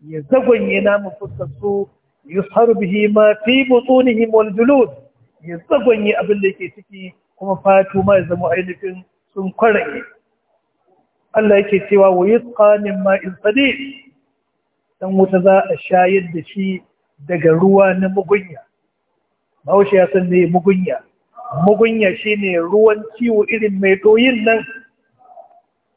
ya zagwanye namun fuskar su faru bihi ma fi butunihim wal julud ya zagwanye abin da yake ciki kuma fatu ma ya zama ainihin sun kwarai. Allah yake cewa wa yusqa min ma'in sadid dan wuta za a shayar da shi daga ruwa na mugunya bahaushe ya san ne mugunya mugunya shine ruwan ciwo irin mai doyin nan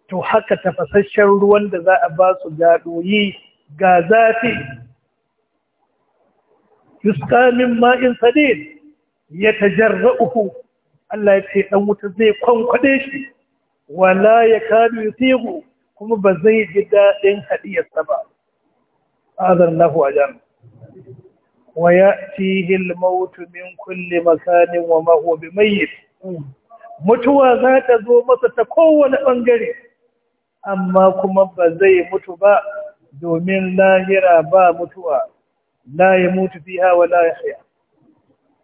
to haka tafasasshen ruwan da za a ba su ga doyi ga zafi yuska min ma'in sadid yatajarra'uhu Allah ya ce ɗan wuta zai kwankwade shi wala ya yakadu yusigu kuma ba zai ji daɗin hadiyarsa ba azan lahu ajana ويأتيه الموت kulle كل مكان وما هو بميت mutuwa za ta zo masa ta kowane ɓangare amma kuma ba zai mutu ba domin lahira ba mutuwa la ya mutu fi hawa la ya haya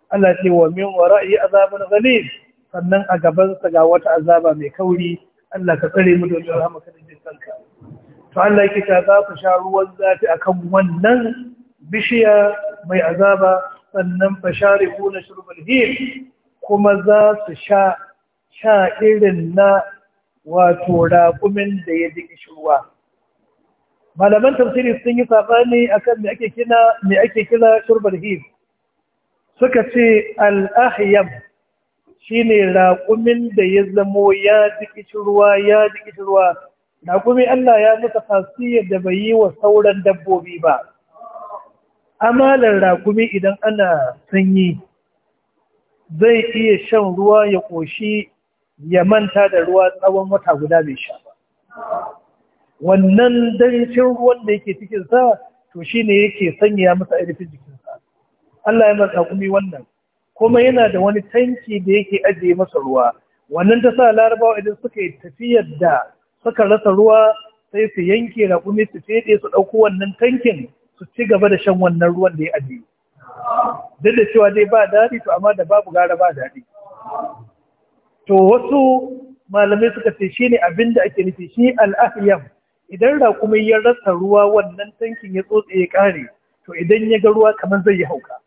Allah ce wa min wara'i azabun ghalib sannan a gabansa ga wata azaba mai kauri Allah ka tsare mu domin rahama da jin kanka to Allah yake ta za ku sha ruwan zafi akan wannan bishiya mai azaba sannan fasharibu na shirbal hil kuma za su sha sha irin na wato raƙumin da ya ji kishirwa malaman tafsiri sun yi saɓani akan me ake kira me ake kira shirbal hil suka ce al-ahyam shine raƙumin da ya zamo ya ji kishirwa ya ji kishirwa raƙumin Allah ya mutu fasiyar da bai yi wa sauran dabbobi ba amalar rakumi idan ana sanyi zai iya shan ruwa ya ƙoshi ya manta da ruwa tsawon wata guda mai sha wannan dancin ruwan da yake cikinsa to shi ne yake sanya masa ainihin jikinsa Allah ya matsa rakumi wannan kuma yana da wani tanki da yake ajiye masa ruwa wannan ta sa larabawa idan suka yi tafiyar da suka rasa ruwa sai su yanke rakumi su feɗe su ɗauko wannan tankin su ci gaba da shan wannan ruwan da ya ajiye duk da cewa dai ba daɗi to amma da babu gara ba daɗi to wasu malamai suka ce shi ne abin da ake nufi shi al'ahiyam. idan raƙumai ya rasa ruwa wannan tankin ya tsotse ya ƙare to idan ya ga ruwa kamar zai yi hauka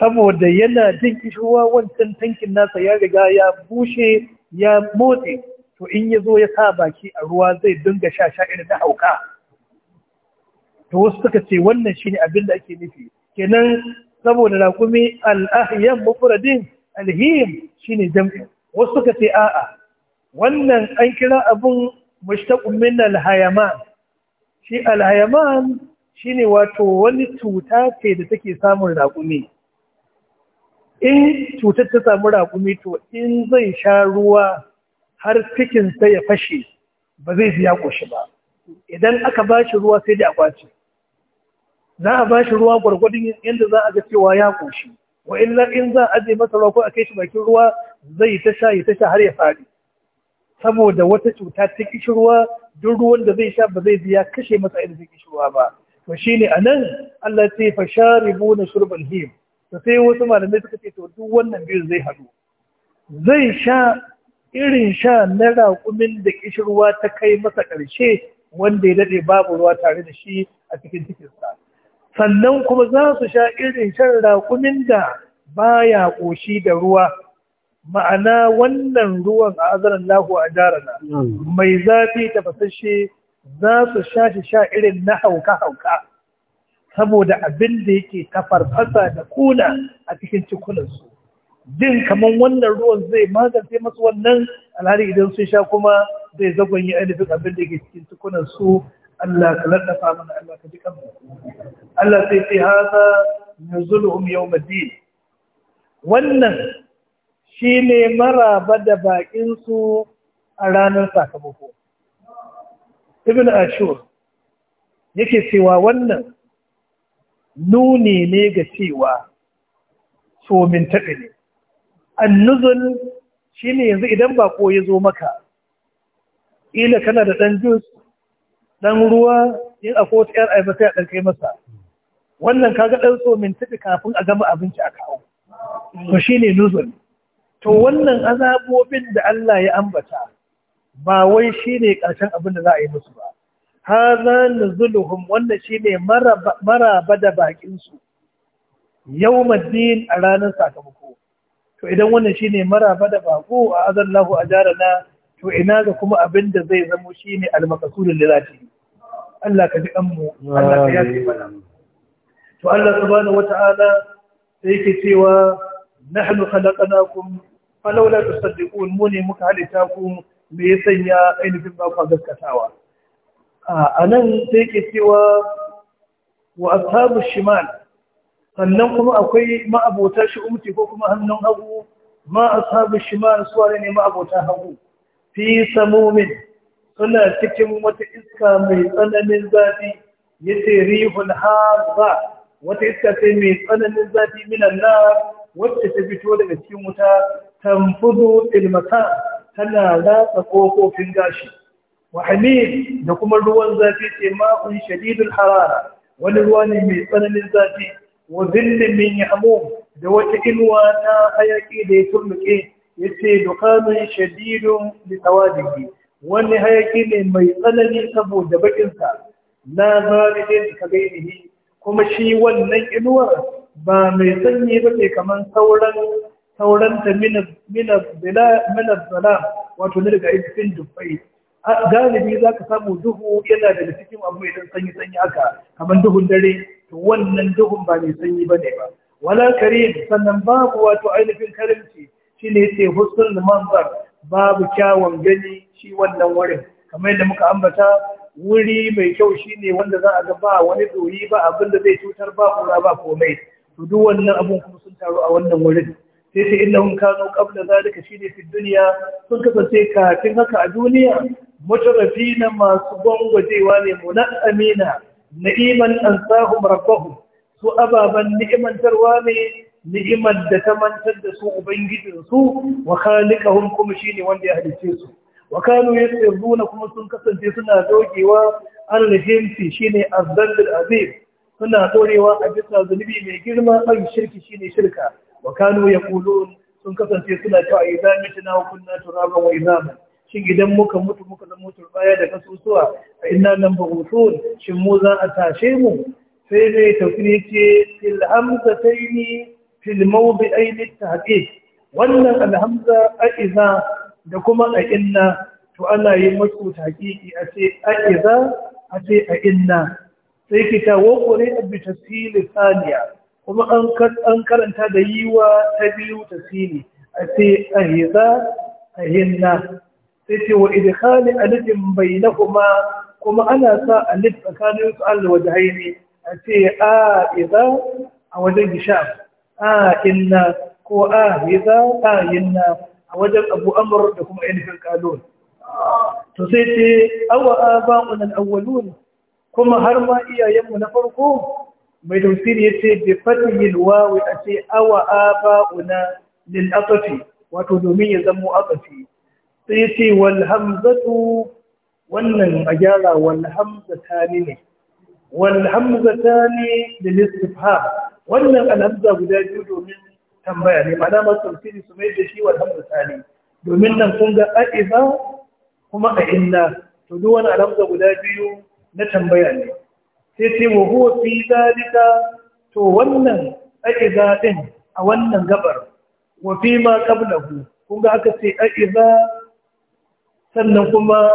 saboda yana jin kishuwa wancan tankin nasa ya riga ya bushe ya motse to in ya zo ya sa baki a ruwa zai dinga sha sha irin na hauka ta wasu suka ce wannan shi ne abin da ake nufi kenan saboda raƙumi al’ahiyar mafuradin mufradin shi ne jam'i wasu suka ce a'a wannan an kira abun mushtaqun min Shi shi ne shine wato wani cuta ce da take samun raƙumi in cutar ta samu raƙumi to in zai sha ruwa har cikinsa ya fashe ba zai ziya ƙoshi ba idan aka ba shi ruwa sai da a kwace za a ba shi ruwa gwargwadon yadda za a ga cewa ya ƙunshi. wa illa in za a ajiye masa ruwa ko a kai shi bakin ruwa zai ta sha ya ta sha har ya faɗi saboda wata cuta ta kishirwa duk ruwan da zai sha ba zai biya kashe masa ainihin kishirwa ba to shine anan Allah ya ce fa na shurbal him to sai wasu malamai suka ce to duk wannan biyu zai haɗu zai sha irin sha na raƙumin da kishirwa ta kai masa ƙarshe wanda ya daɗe babu ruwa tare da shi a cikin cikinsa sannan kuma za su sha irin shan raƙumin da ba ya ƙoshi da ruwa ma'ana wannan ruwan a azarar lahu a jarana mai zafi ta fasashe, za su sha shi sha irin na hauka-hauka saboda abin da yake tafarfasa da kuna a cikin cikunansu din kamar wannan ruwan zai magance masu wannan alhari idan sun sha kuma zai zagon yi ainihin abin da yake cikin cikunansu Allah ka laddafa mana Allah ka ji kan Allah sai fi haza nuzuluhum yawmiddin wannan shine maraba da bakin su a ranar sakamako ibn ashur yake cewa wannan nuni ne ga cewa tsomin taɓe ne annuzul shi yanzu idan bako ya zo maka ila kana da ɗan jus ɗan ruwa in a kowace yar aiba sai ɗan kai masa wannan kaga ɗan so tafi kafin a gama abinci a kawo to shine nuzul to wannan azabobin da Allah ya ambata ba wai shine ƙarshen abin da za a yi musu ba haza nuzuluhum wannan shine maraba da baƙinsu. Yau maddin a ranar sakamako to idan wannan shine maraba da bako a azallahu jarana to ina ga kuma abin da zai zamo shine almaqsudul lilati Allah ka ji kanmu Allah ka yafe mana to Allah subhanahu wata'ala sai yake cewa nahnu khalaqnakum falawla tusaddiqun mu ne muka halitta ku me ya sanya ainihin ba ku gaskatawa a nan sai yake cewa wa ashabu shimal sannan kuma akwai ma'abota shi umti ko kuma hannun hagu ma ashabu shimal su ne ma'abota hagu fi samumin suna cikin wata iska mai tsananin zafi yace rihul hadza wata iska ce mai tsananin zafi minan na wacce ta fito daga cikin wuta tamfudu ilmata tana ratsa kofofin gashi wa hamid da kuma ruwan zafi ce ma'un shadidul harara wani ruwa ne mai tsananin zafi wa zillin min ya'mum da wata inuwa ta hayaki da ya turnuke yace dukanun shadidun li tawadihi wani hayaki ne mai tsanani saboda bakin sa la zalidin ka gainihi kuma shi wannan inuwar ba mai sanyi ba ne kamar sauran sauran ta minar zala wato ne daga cikin dubbai galibi za ka samu duhu yana da cikin abu idan sanyi sanyi aka kamar duhun dare to wannan duhun ba mai sanyi ba ne ba wala kare sannan babu wato ainihin karimci shine ce husnul manzar babu kyawun gani shi wannan wurin kamar yadda muka ambata wuri mai kyau shine wanda za a ga ba wani doyi ba abin da zai cutar ba kura ba komai to duk wannan abun kuma sun taru a wannan wurin sai ta innahum kanu qabla zalika shine fi dunya sun kasance kafin haka a duniya na masu gwangwajewa ne munamina na'iman ansahum rabbahum su ababen ni'imantarwa ne ni'imar da ta mantar da su ubangijinsu wa khaliqahum kuma shine wanda ya halicce su wa kanu yasirruna kuma sun kasance suna dogewa an rahimsi shine azzalil azim suna dorewa a bisa zunubi mai girma a shirki shine shirka wa kanu yaqulun sun kasance suna cewa idan mutuna kunna turaba wa idaman shin idan muka mutu muka zama turbaya da kasusuwa a inna nan ba shin mu za a tashe mu sai dai tafiye ce fil hamzataini fil mawdi'aini tahqiq wannan alhamza a iza da kuma a inna to ana yi masu taƙiƙi a ce a iza a ce a inna sai kita wakwane a bi tasiri saniya kuma an karanta da yiwa ta biyu tasiri a ce a iza a inna sai ce wa idkhali alifin na kuma kuma ana sa alif tsakanin su Allah haini a ce a iza a wajen gisha a inna ko a iza a inna a wajen abu amur da kuma ainihin kalon to sai ce awa aba'un al'awwalun kuma har ma iyayenmu na farko mai tafsiri ya ce bi fatihil wawi a ce awa aba'una lil atafi wato domin ya zamo atafi sai ce wal hamzatu wannan a gyara wal hamzatani ne wal hamzatani lil istifham wannan alhamza guda biyu domin tambaya ne mana masu tafsiri su mai da shi wa misali domin nan kun ga a'iza kuma a inna to duk wani alamza guda biyu na tambaya ne sai ce wa huwa fi zalika to wannan a'iza din a wannan gabar wa fi ma qablahu kun ga aka ce a'iza sannan kuma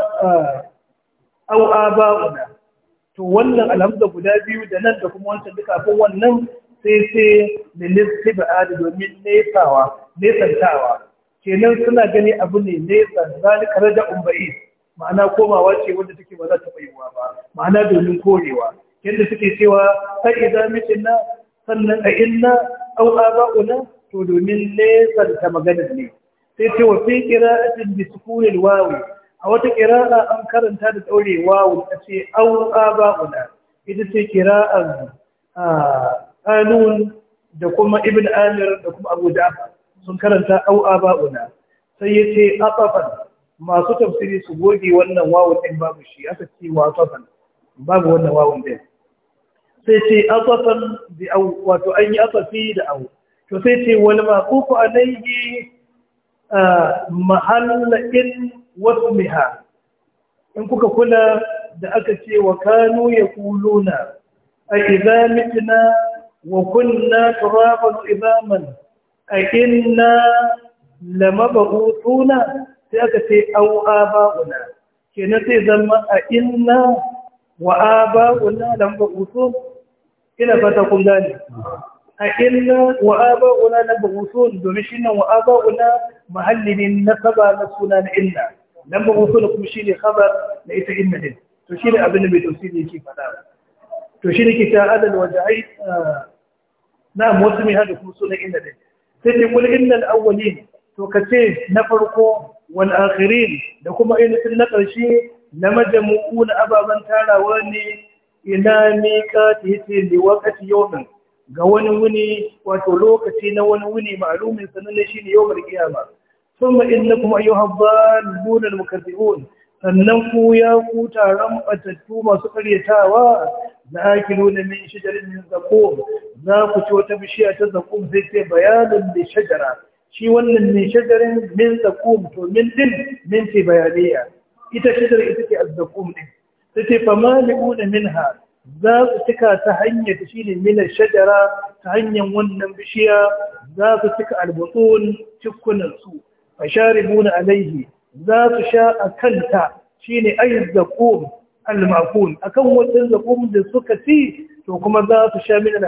au aba'una to wannan alamza guda biyu da nan da kuma wancan duka kafin wannan sai sai lilisi ba'adi domin nesawa nesantawa kenan suna gani abu ne nesa zalika da umbai ma'ana komawa ce wanda take ba za ta bayuwa ba ma'ana domin korewa yadda suke cewa sai idan na sannan a inna aw aba'una to domin nesa ta magana ne sai ce wa fi qira'atin bi sukunil wawi a wata qira'a an karanta da daure wawu a ce aw aba'una ita ce qira'an ah, قانون da kuma ibn amir da kuma abu ja'far sun karanta au aba'una sai yace atafan masu tafsiri su goge wannan wawon din babu shi aka ce watafan babu wannan wawon din sai ce atafan bi au wato an yi atafi da au to sai ce wal maqufu alayhi wasu wasmiha in kuka kula da aka ce wa kanu yaquluna a idza mitna وكنا ترابا عظاما أئنا لمبعوثون سيأتي أو آباؤنا كنتي زما أئنا وآباؤنا لمبعوثون إلى فتكم ذلك أئنا وآباؤنا لمبعوثون دمشنا وآباؤنا محل من نسبة نسونا إنا لمبعوثون كمشيني خبر ليس إنا لنا تشير أبن بدوسيني كيف لا تشير كتاب الوجعي آه na wasu mai hada kuma suna inda ne sai ce kul innal awwalin to kace na farko wal akhirin da kuma ainihin na ƙarshe na majamu'u na ababen tarawa ne ina miƙati yace li wakati yawmin ga wani wuni wato lokaci na wani wuni ma'lumin sananne shine yawmul qiyama thumma innakum ayyuhad dallun al mukaththibun sannan ku ya ku taron batattu masu karyatawa na akilu na min shijarin min zakum za ku ci wata bishiya ta zakum sai ce bayanin da shajara shi wannan min shajarin min zakum to min din min ce bayaniya ita shajar ita ce azzakum din ta ce famali'una minha za ku cika ta hanyar shi ne minar shajara ta hanyar wannan bishiya za ku cika albutsun cikunansu a sharibuna alaihi za su sha a kanta shine ayyuz zakum al-ma'kul akan wannan zakum da suka ci to kuma za su sha min al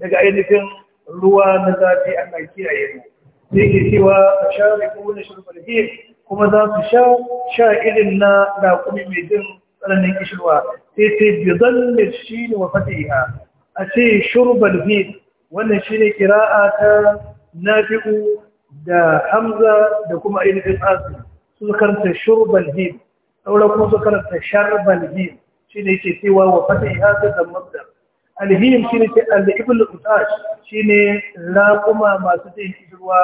daga ainihin ruwa na zafi a ya kiyaye mu sai ke cewa shariku na da hir kuma za su sha sha irin na raƙumi mai jin tsananin kishirwa sai sai bi da shi ne wa fatiha a ce shurbal hir wannan shi ne kira'a ta nafi'u da hamza da kuma ainihin asiri ذكرت شرب الهيم او لو كنت ذكرت شرب الهيم شيني سوى وفتح هذا المبدا الهيم شيني الإبل الأتاش شيني لا كما ما ستين سوى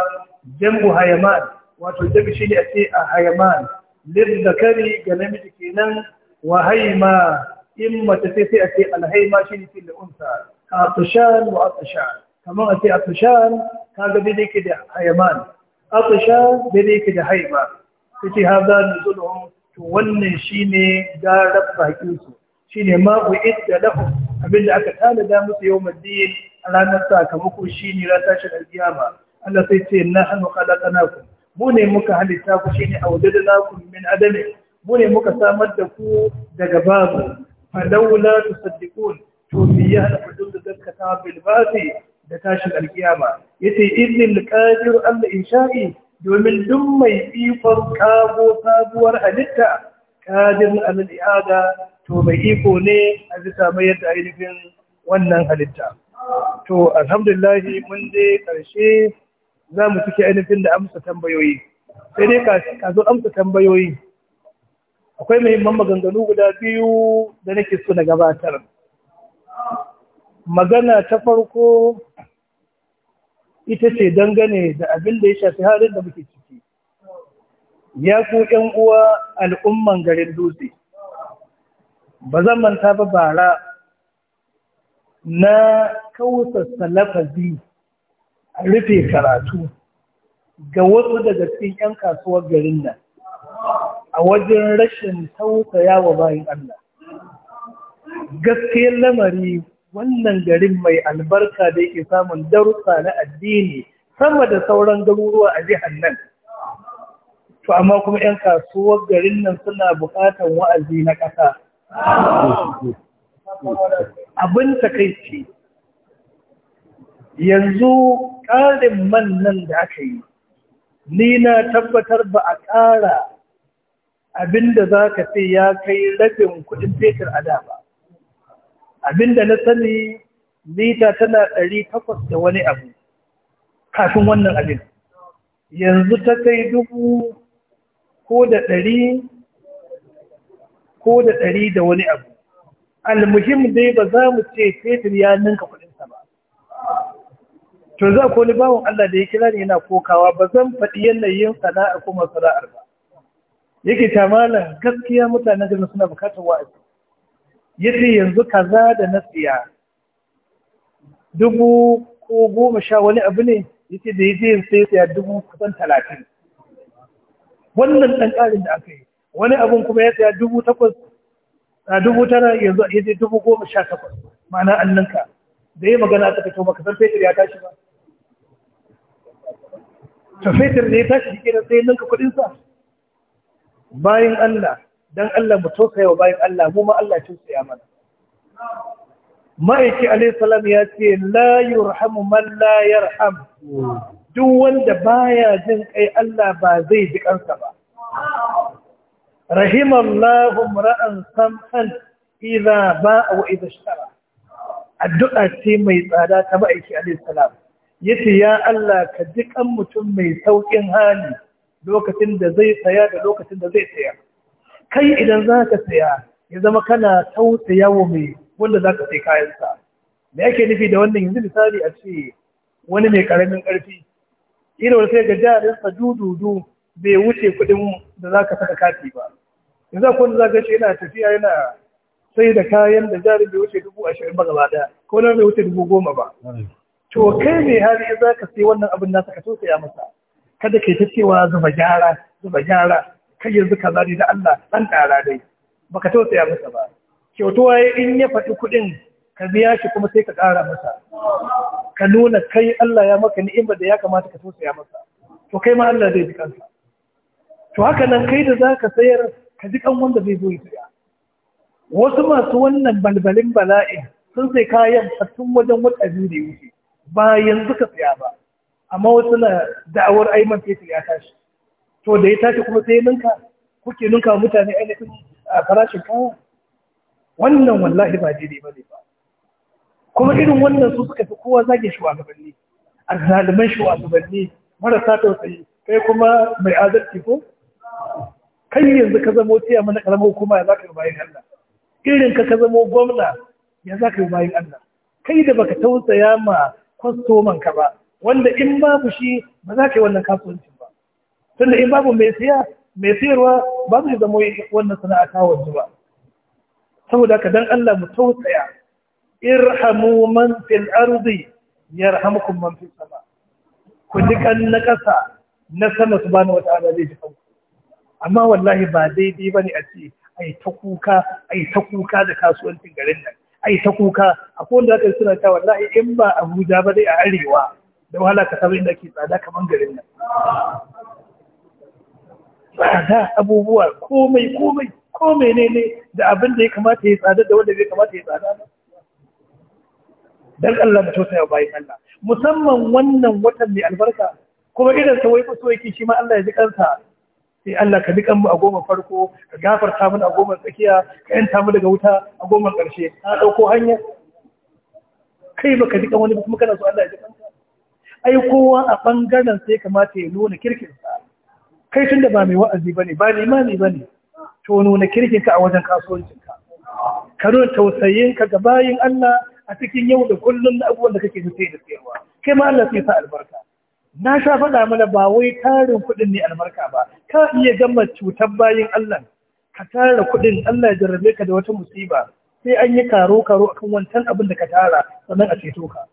جنب هيمان وتجب شيني أتي هيمان للذكري جنب كينا وهيما إما تتي أتي الهيما شيني في الأنثى كعطشان واطشان كما أتي اطشان كان بديك دي هيمان اطشان بديك دي هيمان yace haza nuzulhum to wannan shine garar bakin su shine ma uidda abinda aka tanada musu yawmal a ranar sakamako shine ran tashin alkiyama Allah sai ce nahnu khalaqnakum mu ne muka halitta ku shine awdadnakum min adami mu ne muka samar da ku daga babu falawla tusaddiqun to bi ya da kudin da gaskata bil da tashin alkiyama yace idnil qadir Allah insha'i domin duk mai ikon kago sabuwar halitta kadin al'ada to mai iko ne a bisa mai yadda ainihin wannan halitta to alhamdulillahi mun je ƙarshe za mu cike ainihin da amsa tambayoyi sai dai ka zo amsa tambayoyi akwai muhimman maganganu guda biyu da nake so na gabatar magana ta farko ita ce dangane da abin da ya shafi harin da muke ciki ya ku ƴan uwa al'umman garin dutse ba zan manta ba bara na kausasta lafazi a rufe karatu ga wasu daga cikin 'yan kasuwar garin nan a wajen rashin tausaya wa bayan Allah gaskiyar lamari wannan garin mai albarka da yake samun darussa na addini sama da sauran garuruwa a jihar nan to amma kuma 'yan kasuwar garin nan suna buƙatar wa'azi na ƙasa abin takaici yanzu ƙarin man nan da aka yi ni na tabbatar ba a ƙara abin da za ka ce ya kai rabin kuɗin fetur a da ba Abin da na sani lita tana ɗari takwas da wani abu kafin wannan abin yanzu ta kai dubu ko da ɗari ko da ɗari da wani abu almuhim dai ba za mu ce fetur ya ninka kuɗinsa ba to za ko ni bawon Allah da ya kira ni yana kokawa ba zan faɗi yanayin sana'a kuma sana'ar ba yake tamalan gaskiya mutanen garin suna bukatar wa'azi yace yanzu kaza da na siya dubu ko goma sha wani abu ne yace da yace sai siya dubu kusan talatin wannan ɗan ƙarin da aka yi wani abun kuma ya siya dubu takwas a dubu tara yanzu ce dubu goma sha takwas ma'ana annanka da ya magana a fito ba kasar fetur ya tashi ba to fetur ne ya tashi jikin sai ninka kuɗinsa bayan Allah dan Allah mu tausaya wa bayan Allah mu ma Allah ya tausaya mana ma'aiki alaihissalam ya ce la yurhamu man la yarham duk wanda baya jin kai Allah ba zai ji kansa ba rahimallahu ra'an samhan idza ba'a wa idza ishtara addu'a ce mai tsada ta ma'aiki alaihissalam yace ya Allah ka ji kan mutum mai saukin hali lokacin da zai saya da lokacin da zai tsaya kai idan za ka saya ya zama kana tausa yawo mai wanda za ka sai kayansa me ake nufi da wannan yanzu misali a ce wani mai karamin karfi irin sai ga jarinsa dududu bai wuce kudin da za ka saka kati ba yanzu akwai wanda za ka ce yana tafiya yana sai da kayan da jarin bai wuce dubu ashirin ba gaba daya ko nan bai wuce dubu goma ba to kai mai hali za ka sai wannan abin nasa ka tausaya masa kada ke ta cewa zuba gyara zuba gyara kai yanzu kaza ne da Allah dan tsara dai baka tausaya masa ba waye in ya faɗi kuɗin ka biya shi kuma sai ka ƙara masa ka nuna kai Allah ya maka ni'imar da ya kamata ka tausaya masa to kai ma Allah zai ji kansa to haka nan kai da zaka sayar ka ji kan wanda zai zo ya saya wasu masu wannan balbalin bala'i sun sai kayan tun wajen wata biyu da ya wuce ba yanzu ka saya ba amma wasu na da'awar aiman fetur ya tashi to da ya tashi kuma sai ninka kuke ninka mutane ainihin a farashin kawo? wannan wallahi ba daidai ba ne ba kuma irin wannan su suka fi kowa zage shugabanni azzaliman shugabanni marasa tausayi kai kuma mai adalci ko kai yanzu ka zamo tiya mana karamar hukuma ya zaka yi Allah irin ka ka zamo gwamna ya zaka yi Allah kai da baka tausaya ma kwastoman ka ba wanda in babu shi ba za ka yi wannan kasuwanci tunda in babu mai siya mai siyarwa ba zai zama wannan sana'a ta wanzu ba saboda ka dan Allah mu tausaya irhamu man fil ardi yarhamukum man fis sama ku dukan na kasa na sama subhanahu wataala zai ji amma wallahi ba daidai bane a ce ai ta kuka ai ta kuka da kasuwancin garin nan ai ta kuka akwai wanda aka suna ta wallahi in ba Abuja ba dai a arewa da wahala ka samu inda ke tsada kamar garin nan tsada abubuwa komai komai ne ne, da abin da ya kamata ya tsada da wanda ya kamata ya tsada ba dan Allah mu tausaya bayan Allah musamman wannan watan mai albarka kuma idan sa wai so yake shi ma Allah ya ji kansa sai Allah ka dukan mu a goma farko ka gafarta mana a goma tsakiya ka yanta mu daga wuta a goma karshe ka dauko hanya kai baka dukan wani kuma kana so Allah ya ji kansa ai kowa a bangaren sai kamata ya nuna kirkin kai tun da ba mai wa'azi ba ne ba ma ne ba ne to nuna kirkinka a wajen kasuwancinka ka nuna tausayinka ga bayin Allah a cikin yau da kullum na abubuwan da kake nufai da sayarwa kai ma Allah sai sa albarka na sha faɗa mana ba wai tarin kuɗin ne albarka ba ka iya gama cutar bayin Allah ka tara kuɗin Allah ya jarrabe ka da wata musiba sai an yi karo karo akan wancan abin da ka tara sannan a ceto ka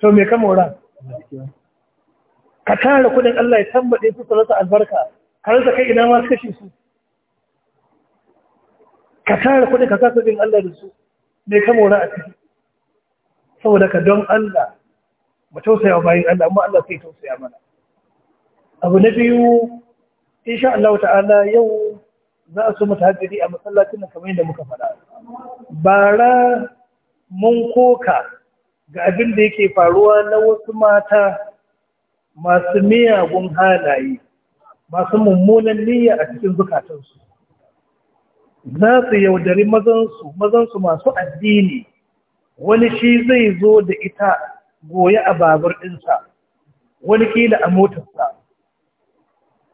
to me ka mora ka tara kudin Allah ya tambaɗe su rasa albarka ka rasa kai ina ma kashe su ka tara kudin ka kasa bin Allah da su ne ka mora a ciki saboda ka don Allah mu tausaya bayan Allah amma Allah sai tausaya mana abu na biyu insha Allah ta'ala yau za su mutahajiri a masallacin nan kamar yadda muka faɗa bara mun koka ga abin da yake faruwa na wasu mata masu miyagun halaye masu mummunan niyya a cikin zukatansu za su yaudari mazansu mazansu masu addini wani shi zai zo da ita goya a babur ɗinsa wani kila a motarsa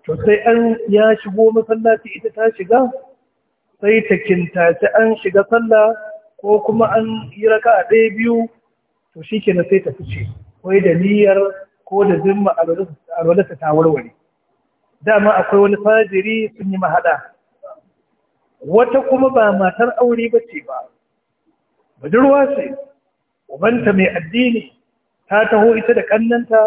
to sai an ya shigo masallaci ita ta shiga sai ta kintace an shiga sallah ko kuma an yi raka a ɗaya biyu to shi kenan sai ta fice wai da niyyar ko da zimma alwalarsa ta warware dama akwai wani fajiri sun yi mahaɗa. wata kuma ba matar aure ba ce ba budurwa ce ubanta mai addini ta taho ita da kannanta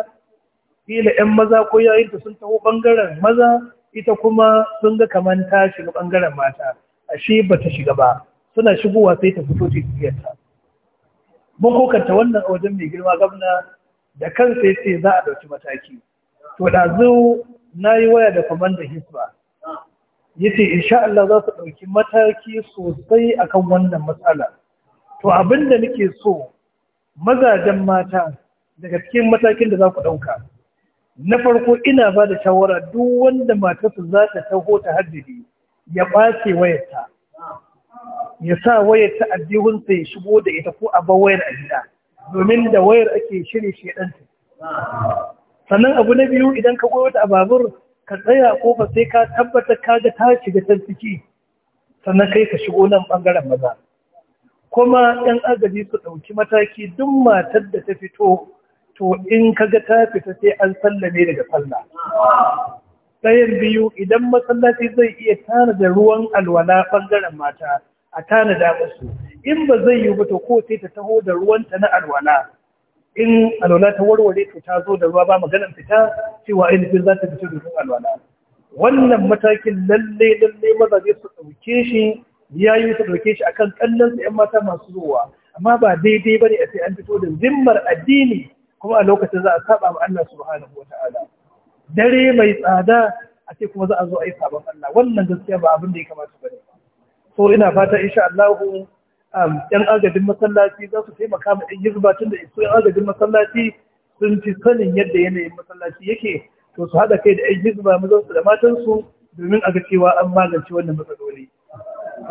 kila 'yan maza ko yayinta sun taho ɓangaren maza ita kuma sun ga kamar ta shiga ɓangaren mata ashe ba ta shiga ba suna shigowa sai ta fito ta mun kokanta wannan a wajen mai girma gwamna da kansa ya ce za a ɗauki mataki to ɗazu na yi waya da kwamandan hisba ya ce insha Allah za su ɗauki mataki sosai akan wannan matsala to abin da nake so mazajen mata daga cikin matakin da za ku ɗauka na farko ina ba da shawara duk wanda matarsa za ta taho ta haddidi ya ɓace wayarta ya sa wayarta addihunsa ya shigo da ita ko a bar wayar a gida domin da wayar ake shirye shedanta sannan abu na biyu idan ka goyo wata a babur ka tsaya a kofa sai ka tabbatar ka ga ta shiga can ciki sannan kai ka shigo nan bangaren maza kuma 'yan agaji su ɗauki mataki duk matar da ta fito to in ka ga ta fita sai an sallame daga sallah Tsayar biyu idan masallaci zai iya tana da ruwan alwala ɓangaren mata a tanada musu in ba zai yi ba to ko sai ta taho da ruwanta na alwala in alwala ta warware to ta zo da ruwa ba maganar fita cewa ainihin za ta fito da ruwan alwala wannan matakin lalle lalle mazaje su ɗauke shi ya yi su ɗauke shi akan kallon su 'yan mata masu zuwa amma ba daidai ba ne a sai an fito da zimmar addini kuma a lokacin za a saba ma Allah subhanahu wata'ala dare mai tsada a ce kuma za a zo a yi sabon Allah wannan gaskiya ba abin da ya kamata ba ne Ko ina fata insha Allah um, yan agajin masallaci za su taimaka ma yan hizba tun da isu yan agajin masallaci sun fi sanin yadda yanayin masallaci yake to su haɗa kai da yan hizba mazan su da matan su domin a ga cewa an magance wannan matsaloli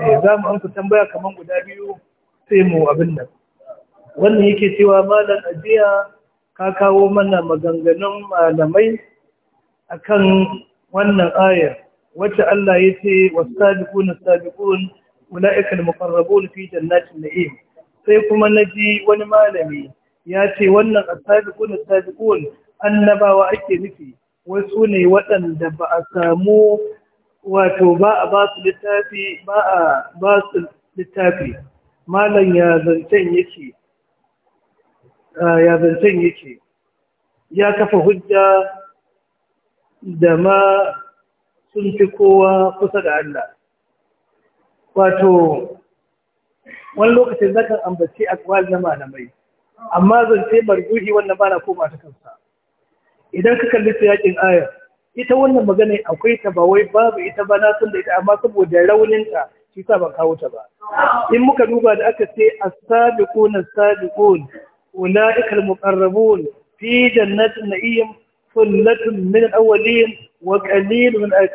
eh, za mu amsa tambaya kamar guda biyu sai mu abin nan wannan yake cewa malam ajiya ka kawo mana maganganun malamai akan wannan ayar wacce Allah ya ce wasabiquna sabiqun ulaika almuqarrabun fi jannatin na'im sai kuma naji wani malami ya ce wannan asabiquna sabiqun annabawa ake nufi wasu ne waɗanda ba a samu wato ba a ba su littafi ba a ba su littafi malam ya zancen yake ya zancen yake ya kafa hujja da ma sun fi kowa kusa da Allah wato wani lokacin zakan ambaci a kwal na malamai amma zance marguhi wannan bana koma ta kansa idan ka kalli su yakin ayar ita wannan magana akwai ta ba wai babu ita ba na sun da ita amma saboda rauninta shi sa ban kawo ta ba in muka duba da aka ce a sabiquna as-sabiqun ulaika mu muqarrabun fi jannatin na'im Kullatun min al-awwalin wa qalilun min al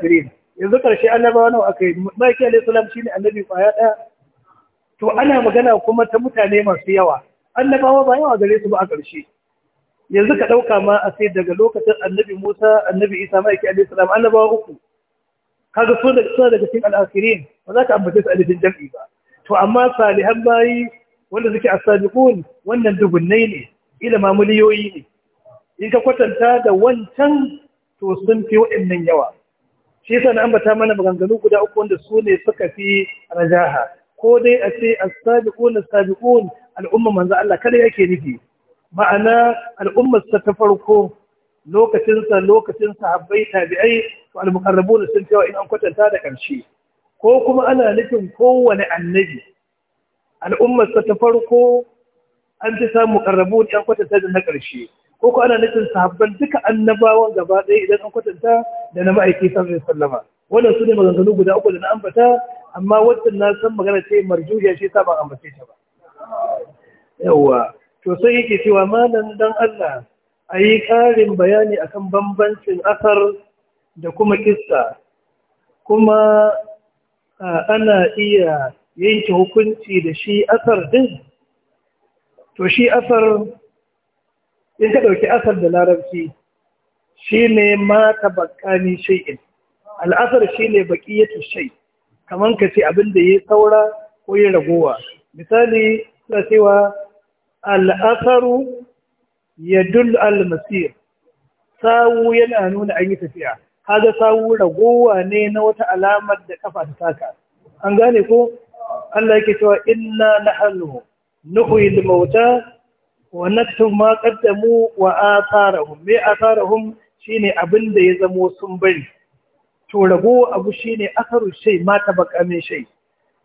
yanzu karshe annabawa nawa aka yi maki alayhi salam shine annabi kwaya daya to ana magana kuma ta mutane masu yawa annabawa ba yawa gare su ba a karshe yanzu ka dauka ma a sai daga lokacin annabi Musa annabi Isa maki alayhi salam annabawa uku kaga su da su daga cikin al ba za ka ambace su a cikin jam'i ba to amma salihan bayi wanda suke as-sabiqun wannan dubunnai ne ilma miliyoyi ne in ka kwatanta da wancan to sun fi waɗannan yawa shi yasa na ambata mana maganganu guda uku wanda su ne suka fi rajaha ko dai a ce as-sabiqun as-sabiqun al'umma manzo Allah kada yake nufi ma'ana al'ummar sa ta farko lokacin sa lokacin sahabbai tabi'ai to al-muqarrabun sun cewa in an kwatanta da karshe ko kuma ana nufin kowane annabi al'ummar sa ta farko an ta samu muqarrabun y'an kwatanta da na karshe ko ko ana nufin sahabban duka annabawan gaba ɗaya idan an kwatanta da na ma'aiki sallallahu alaihi wannan su ne maganganu guda uku da na ambata amma wannan na san magana ce marjuhiya shi sa ban ambace ta ba yawa to sai yake cewa malam dan Allah ayi yi ƙarin bayani akan bambancin asar da kuma kissa kuma ana iya yanke hukunci da shi asar din to shi asar in ka ɗauki asar da larabci shi ne ma ta bakani shai'in al'asar shi ne baki ya tushe kamar ka ce abin da ya saura ko ya ragowa misali suna cewa al'asaru ya dul al-masir sawu yana nuna an yi tafiya kaga sawu ragowa ne na wata alamar da kafa ta taka an gane ko Allah yake cewa inna nahnu nuhyil mauta wa naktub ma qaddamu wa atharahum me atharahum shine abin da ya zamo sun bari to rago abu shine akaru shay ma tabaka min shay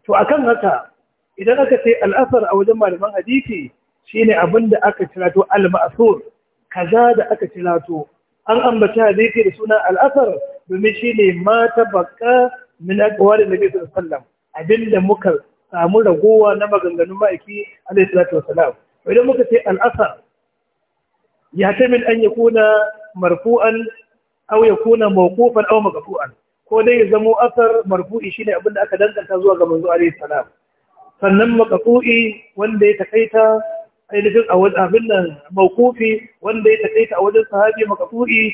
to akan haka idan aka ce al'asar a wajen malaman hadisi shine abin da aka to al-ma'thur kaza da aka tilato an ambaci hadisi da sunan al'asar domin shine ma tabaka min aqwal nabi sallallahu alaihi wasallam abinda muka samu ragowa na maganganun ma'aiki alaihi salatu wasalam idan muka ce al'asar ya tamil an ya kuna marfu'an au ya kuna makufan, au maqfu'an ko dai ya zamo asar marfu'i shine abin da aka danganta zuwa ga manzo alaihi salam sannan maqfu'i wanda ya takaita ainihin a wajen abin nan makufi, wanda ya takaita a wajen sahabi maqfu'i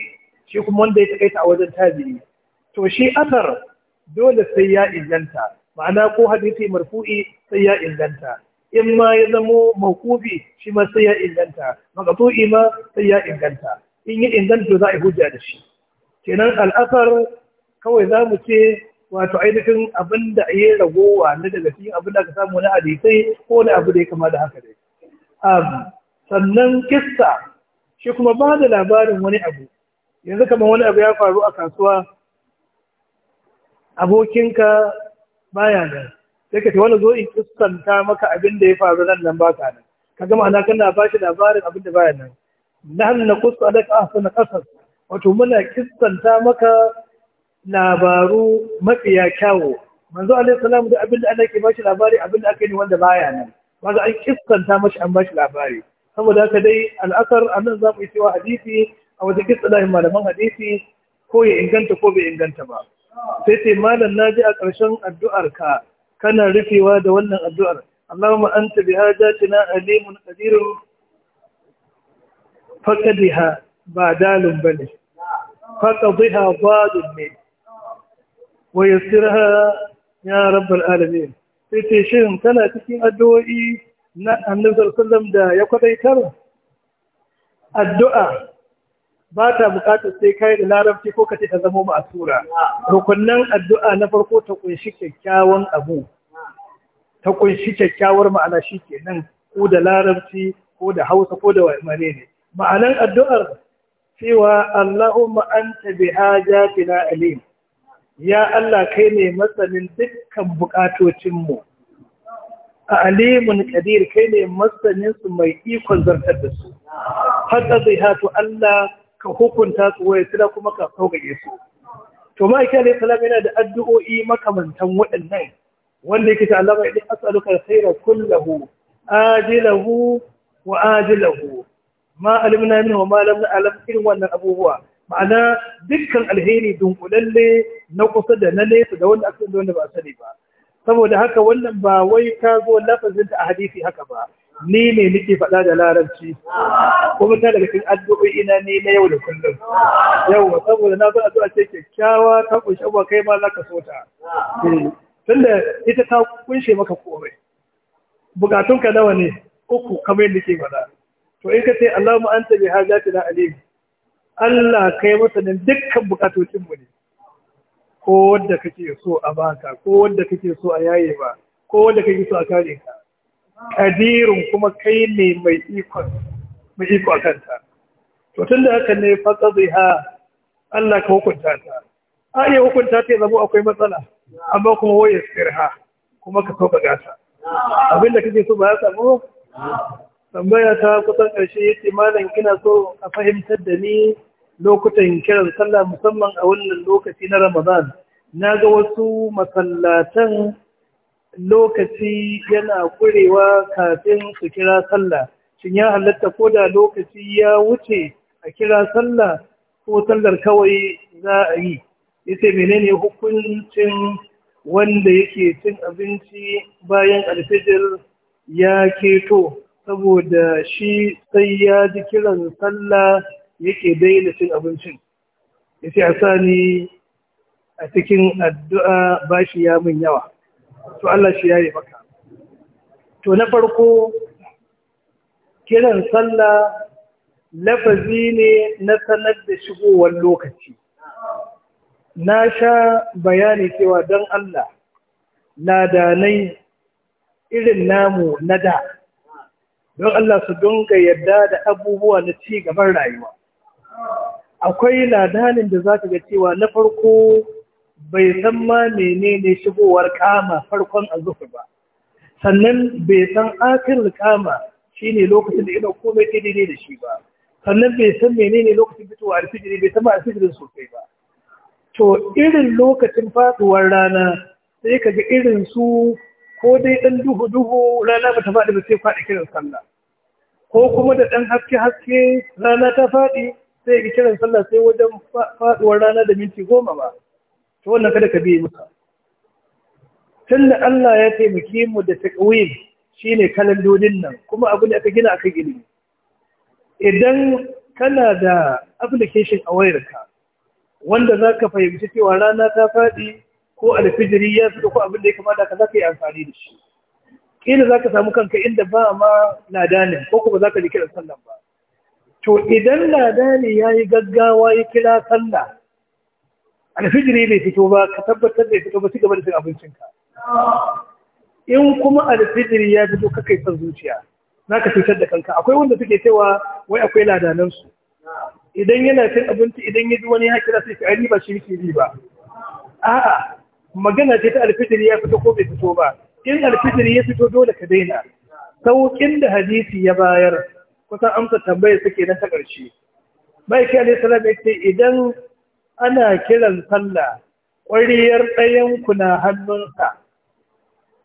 shi kuma wanda ya takaita a wajen tabi'i to shi asar dole sai ya inganta ma'ana ko hadisi marfu'i sai ya inganta in ma ya zamo makubi shi ma sai ya inganta maqtu'i ma sai ya inganta in yi inganta za a yi hujja da shi kenan al'asar kawai za mu ce wato ainihin abin da ya ragowa na daga cikin abin da aka samu na hadisai ko wani abu da ya kama da haka dai sannan kissa shi kuma ba da labarin wani abu yanzu kamar wani abu ya faru a kasuwa abokinka baya sai ka wani zo in iskanta maka abin da ya faru nan nan baka nan ka gama ana kana ba shi labarin abin da baya nan Na nahnu naqussu alaka na qasas wato muna kistanta maka labaru mafiya kyawu manzo alayhi salamu da abin da Allah ke ba shi labari abin da aka yi wanda baya nan kaga an iskanta mashi an ba shi labari saboda haka dai al'asar nan za mu yi cewa hadisi a wajen da malaman hadisi ko ya inganta ko bai inganta ba sai ce malam na ji a ƙarshen ka kana rufewa da wannan addu'ar Allahumma anta bihajatina alimun qadirun faqadha ba dalun bane faqadha dadun ne wa yassirha ya rabbal alamin sai ce shin kana cikin addu'o'i na annabi Sallam da ya kwadaitar addu'a ba ta bukatar sai kai da larabci ko ka ce ta zama tura. rukunnan addu'a na farko ta kunshi kyakkyawan abu ta kunshi kyakkyawar ma'ana shi ke nan ko da larabci ko da Hausa ko da mare ne ma'anan addu'ar cewa Allahumma ta bi na, alim ya Allah kai ne masanin dukkan bukatocinmu a alimun kadir kai ne masanin su mai ikon zartar da su hatta zai hatu Allah ka hukunta su waye sila kuma ka sauƙaƙe su to ma yake alaihi salam yana da addu'o'i makamantan waɗannan wanda yake ta Allah ba as'aluka khayra kullahu ajilahu wa ajilahu ma alimna min wa ma lam na'lam irin wannan abubuwa ma'ana dukkan alheri dunkulalle na kusa da na nesa da wanda aka da wanda ba sani ba saboda haka wannan ba wai ka zo lafazin ta a hadisi haka ba ni ne nake faɗa da larabci kuma ta daga cikin addu'o'i ina ne na yau da kullum yau saboda na zo addu'a ce kyakkyawa ta kunshe abuwa kai ma zaka so ta eh, tunda ita ta kunshe maka komai ka nawa ne uku kamar yadda ke faɗa to in ka ce Allahumma anta bi hajatina alim Allah kai masa nan dukkan bukatocin mu ne ko wanda kake so a baka ko wanda kake so a yaye ba ko wanda kake so a kare ka kadirin kuma kai ne mai ikon mai ikon kanta to tunda haka ne faqadha Allah ka hukunta ta a iya hukunta ta zabo akwai matsala amma kuma waye sirha kuma ka sauka gasa abinda kake so ba ya samu tambaya ta kusan ƙarshe yace malam kina so a fahimtar da ni lokutan kiran sallah musamman a wannan lokaci na Ramadan na ga wasu masallatan lokaci yana kurewa kafin su kira sallah shin ya halatta ko da lokaci ya wuce a kira sallah ko sallar kawai za a yi yace menene hukuncin wanda yake cin abinci bayan alfijir ya keto saboda shi sai ya ji kiran sallah yake daina cin abincin yace a sani a cikin addu'a bashi ya min yawa to Allah shi yayi maka to na farko kiran sallah lafazi ne na sanar da shigowar lokaci na sha bayani cewa don Allah ladanai irin namu na da don Allah su dunga yadda da abubuwa na ci gaban rayuwa akwai ladanin da za ka ga cewa na farko bai san ma menene shigowar kama farkon azuhur ba sannan bai san akirul kama shine lokacin da idan komai daidai da shi ba sannan bai san menene lokacin fitowa a fitiri bai san alfijirin sosai ba to irin lokacin faduwar rana sai ka ga irin su ko dai dan duhu duhu rana ba ta faɗi ba sai faɗi kiran sallah ko kuma da dan haske haske rana ta faɗi sai ga kiran sallah sai wajen faduwar rana da minti goma ba to wannan kada ka bi maka tunda Allah ya taimaki mu da takwim shine kalandodin nan kuma abu ne aka gina aka gini idan kana da application a wayarka wanda za ka fahimci cewa rana ta faɗi ko alfijiri ya fi ko abin da ya kamata ka za ka yi amfani da shi ƙila za ka samu kanka inda ba ma ladanin ko kuma za ka ji kiran sallan ba to idan ladani ya yi gaggawa ya kira sallah alfijiri bai fito ba ka tabbatar ya fito ba ci gaba da cin abincinka in kuma alfijiri ya fito kakai san zuciya za ka cutar da kanka akwai wanda suke cewa wai akwai ladanansu idan yana cin abinci idan ya ji wani ya kira sai ka riba shi yake riba a'a magana ce ta alfijiri ya fito ko bai fito ba in alfijiri ya fito dole ka daina saukin da hadisi ya bayar kusan amsa tambayar suke na ta ƙarshe bai kai alaihi salam ya ce idan ana kiran sallah ƙwariyar ɗayan na hannunsa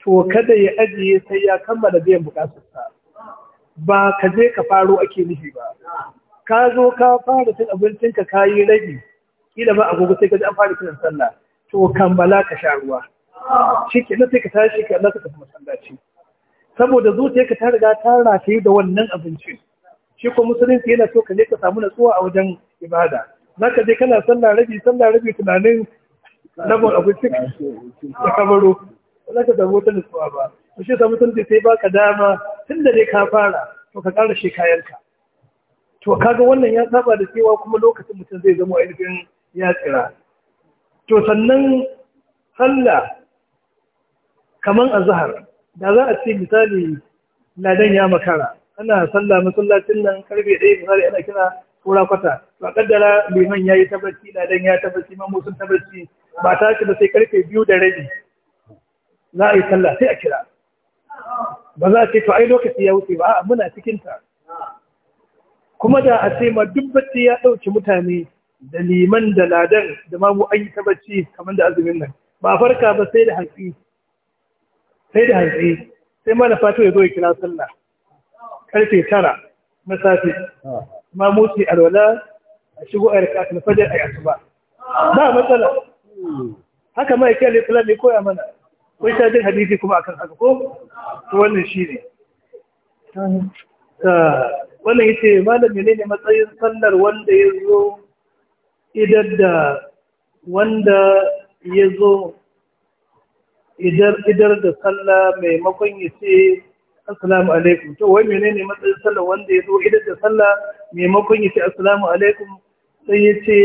to kada ya ajiye sai ya kammala biyan bukatarsa ba ka je ka faro ake nufi ba ka zo ka fara cin abincin ka yi rage kila ba agogo sai ka ji an fara kiran sallah to kammala ka sha ruwa shi ke sai ka tashi ka Allah ka tafi masallaci saboda zuciyarka ta riga ta rataye da wannan abincin shi ko musulunci yana so ka je ka samu natsuwa a wajen ibada za ka je kana sallah rabi sallah rabi tunanin rabon abinci da kamaro ba za ka wata nutsuwa ba to shi sa mutunci sai baka dama tun da dai ka fara to ka ƙara shi kayanka to kaga wannan ya saba da cewa kuma lokacin mutum zai zama ainihin ya tsira to sannan sallah kaman azhar da za a ce misali ladan ya makara ana sallah masallacin nan karfe ɗaya misali ana kira kura kwata to kaddara liman yayi tabbaci da dan ya tabbaci mamu sun tabbaci ba ta ce ba sai karfe biyu da rabi za a yi sallah sai a kira ba za a ce to ai lokaci ya wuce ba a muna cikin ta kuma da a ce ma duk bacci ya ɗauki mutane da liman da ladan da mu an yi tabbaci kamar da azumin nan ba farka ba sai da hantsi sai da hantsi sai mana fatu ya zo ya kira sallah karfe tara na safe ah. ma mutu alwala a shigo a rikata na fajar a yasu ba matsala haka ma yake aliflan ne koya mana kai ta jin hadisi kuma akan haka ko to wannan shine wannan yace malam ne matsayin sallar wanda ya zo idan da wanda ya zo idar da sallah maimakon ya ce assalamu alaikum to wai menene matsayin sallah wanda ya zo idan da sallah maimakon ya ce assalamu alaikum sai ya ce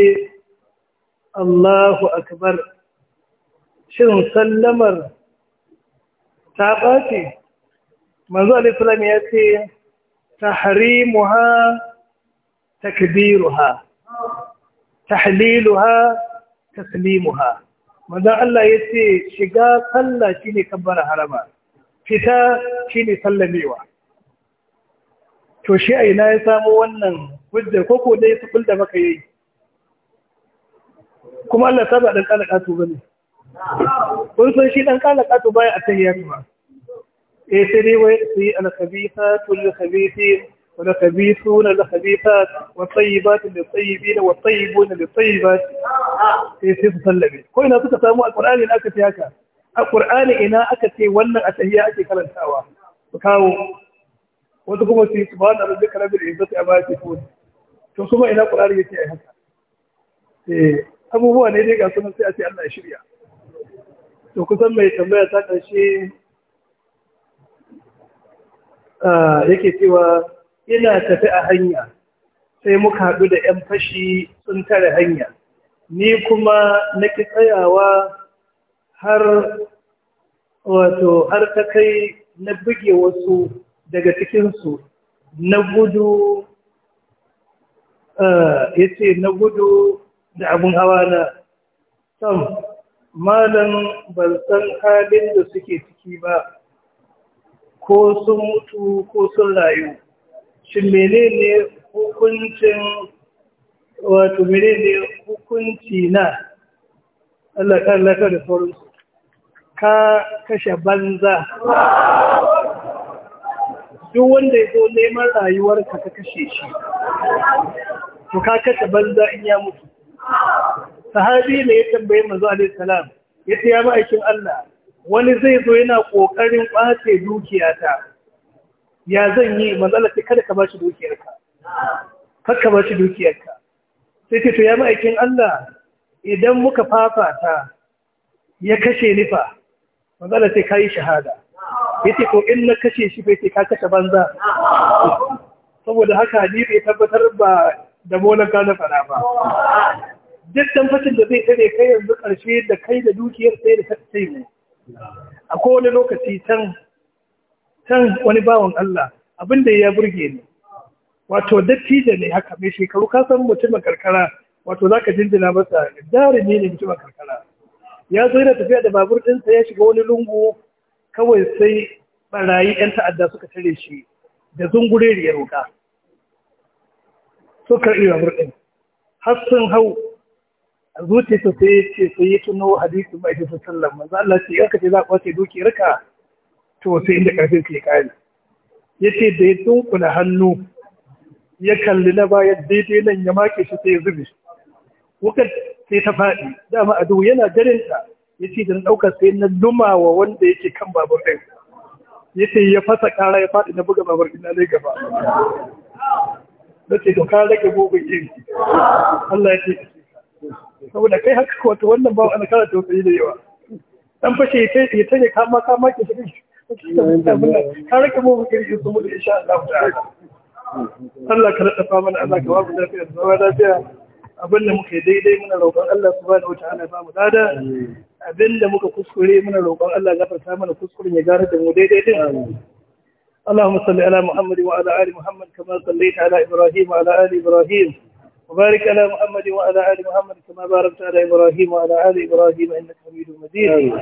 Allahu akbar shin sallamar ta ɓace manzo alaihi salam ya ce tahrimuha takbiruha tahliluha taslimuha manzo Allah ya ce shiga sallah shine kabbara harama fita ne sallamewa to shi a ina ya samu wannan hujjar koko dai su kulda maka yi? kuma Allah ta ba dan kalaka to bane kun san shi ɗan kalaka to baya a attahiyatu ba eh sai dai wai sai al-khabithatu lil-khabithin والخبيثون للخبيثات والطيبات للطيبين والطيبون للطيبات sai su sallame ko ina suka samu alqur'ani na aka fi haka a ƙur'ani ina aka ce wannan a tahiyya ake karantawa su kawo wata kuma su yi subhana rabbika ya ba amma yasifun to kuma ina ce yake yi haka eh, abubuwa ne dai ga sunan sai a ce Allah shirya to kusan mai tambaya ta ƙarshe yake cewa ina tafi a hanya sai muka haɗu da 'yan fashi sun tare hanya ni kuma na ki tsayawa har wato har ta kai na buge wasu daga cikinsu na gudu eh, ya ce na gudu da abin hawa na sam malam ban san halin da suke ciki ba ko sun mutu ko sun rayu shi menene hukuncin wato menene hukunci na Allah kan laka da sauransu ka kashe banza duk wanda ya zo neman rayuwarka ka kashe shi to ka kashe banza in ya mutu sahabi ne ya tambaye manzo alaihi salam yace ya ma'aikin Allah wani zai zo yana kokarin kwace dukiyata ya zan yi manzala sai kada ka bashi dukiyarka Ka bashi dukiyarka sai ce to ya ma'aikin Allah idan muka fafata ya kashe nifa Mazana sai ka yi shahada ya ce in na kashe shi bai ce ka kashe banza saboda haka hadisi ya tabbatar ba da molan gane fara ba duk fashin da zai tare kai yanzu ƙarshe da kai da dukiyar sai da sai mu a kowane lokaci can wani bawan Allah abin da ya burge ni wato dattijo ne haka mai shekaru ka san mutumin karkara wato za ka jinjina masa jarumi ne mutumin karkara ya zo yana tafiya da babur ɗinsa ya shiga wani lungu kawai sai barayi 'yan ta'adda suka tare shi da zungureriyar wuka so karɓi babur ɗin har sun hau a su sai ya ce sai ya tuno hadisi mai ta sallan Za Allah ce yarka ce za a kwace doki rika to sai inda karfin ke kare ce da ya dunkula hannu ya kalli na baya daidai nan ya make shi sai ya zube wukan sai ta faɗi dama ado yana jarinta. ya ce da na ɗauka sai na luma wa wanda yake kan babur ɗin ya ce ya fasa ƙara ya faɗi na buga babur ɗin na gaba na ce to ka rage gogon yin Allah ya ce saboda kai haka wato wannan ba ana kara tausayi da yawa dan fashe ya tanye kama kama ke shi ka rage gogon yin su mu da insha Allah ta'ala Allah ka rada mana Allah ka wabu lafiya da zama lafiya abin da muka daidai muna roƙon Allah subhanahu wataala ba mu lada abin da muka kuskure muna roƙon Allah gafarta mana kuskuren ya gara da mu daidai din اللهم صل على محمد وعلى ال محمد كما صليت على ابراهيم وعلى ال ابراهيم Muhammad على محمد وعلى ال محمد كما باركت على ابراهيم وعلى ال ابراهيم انك حميد مجيد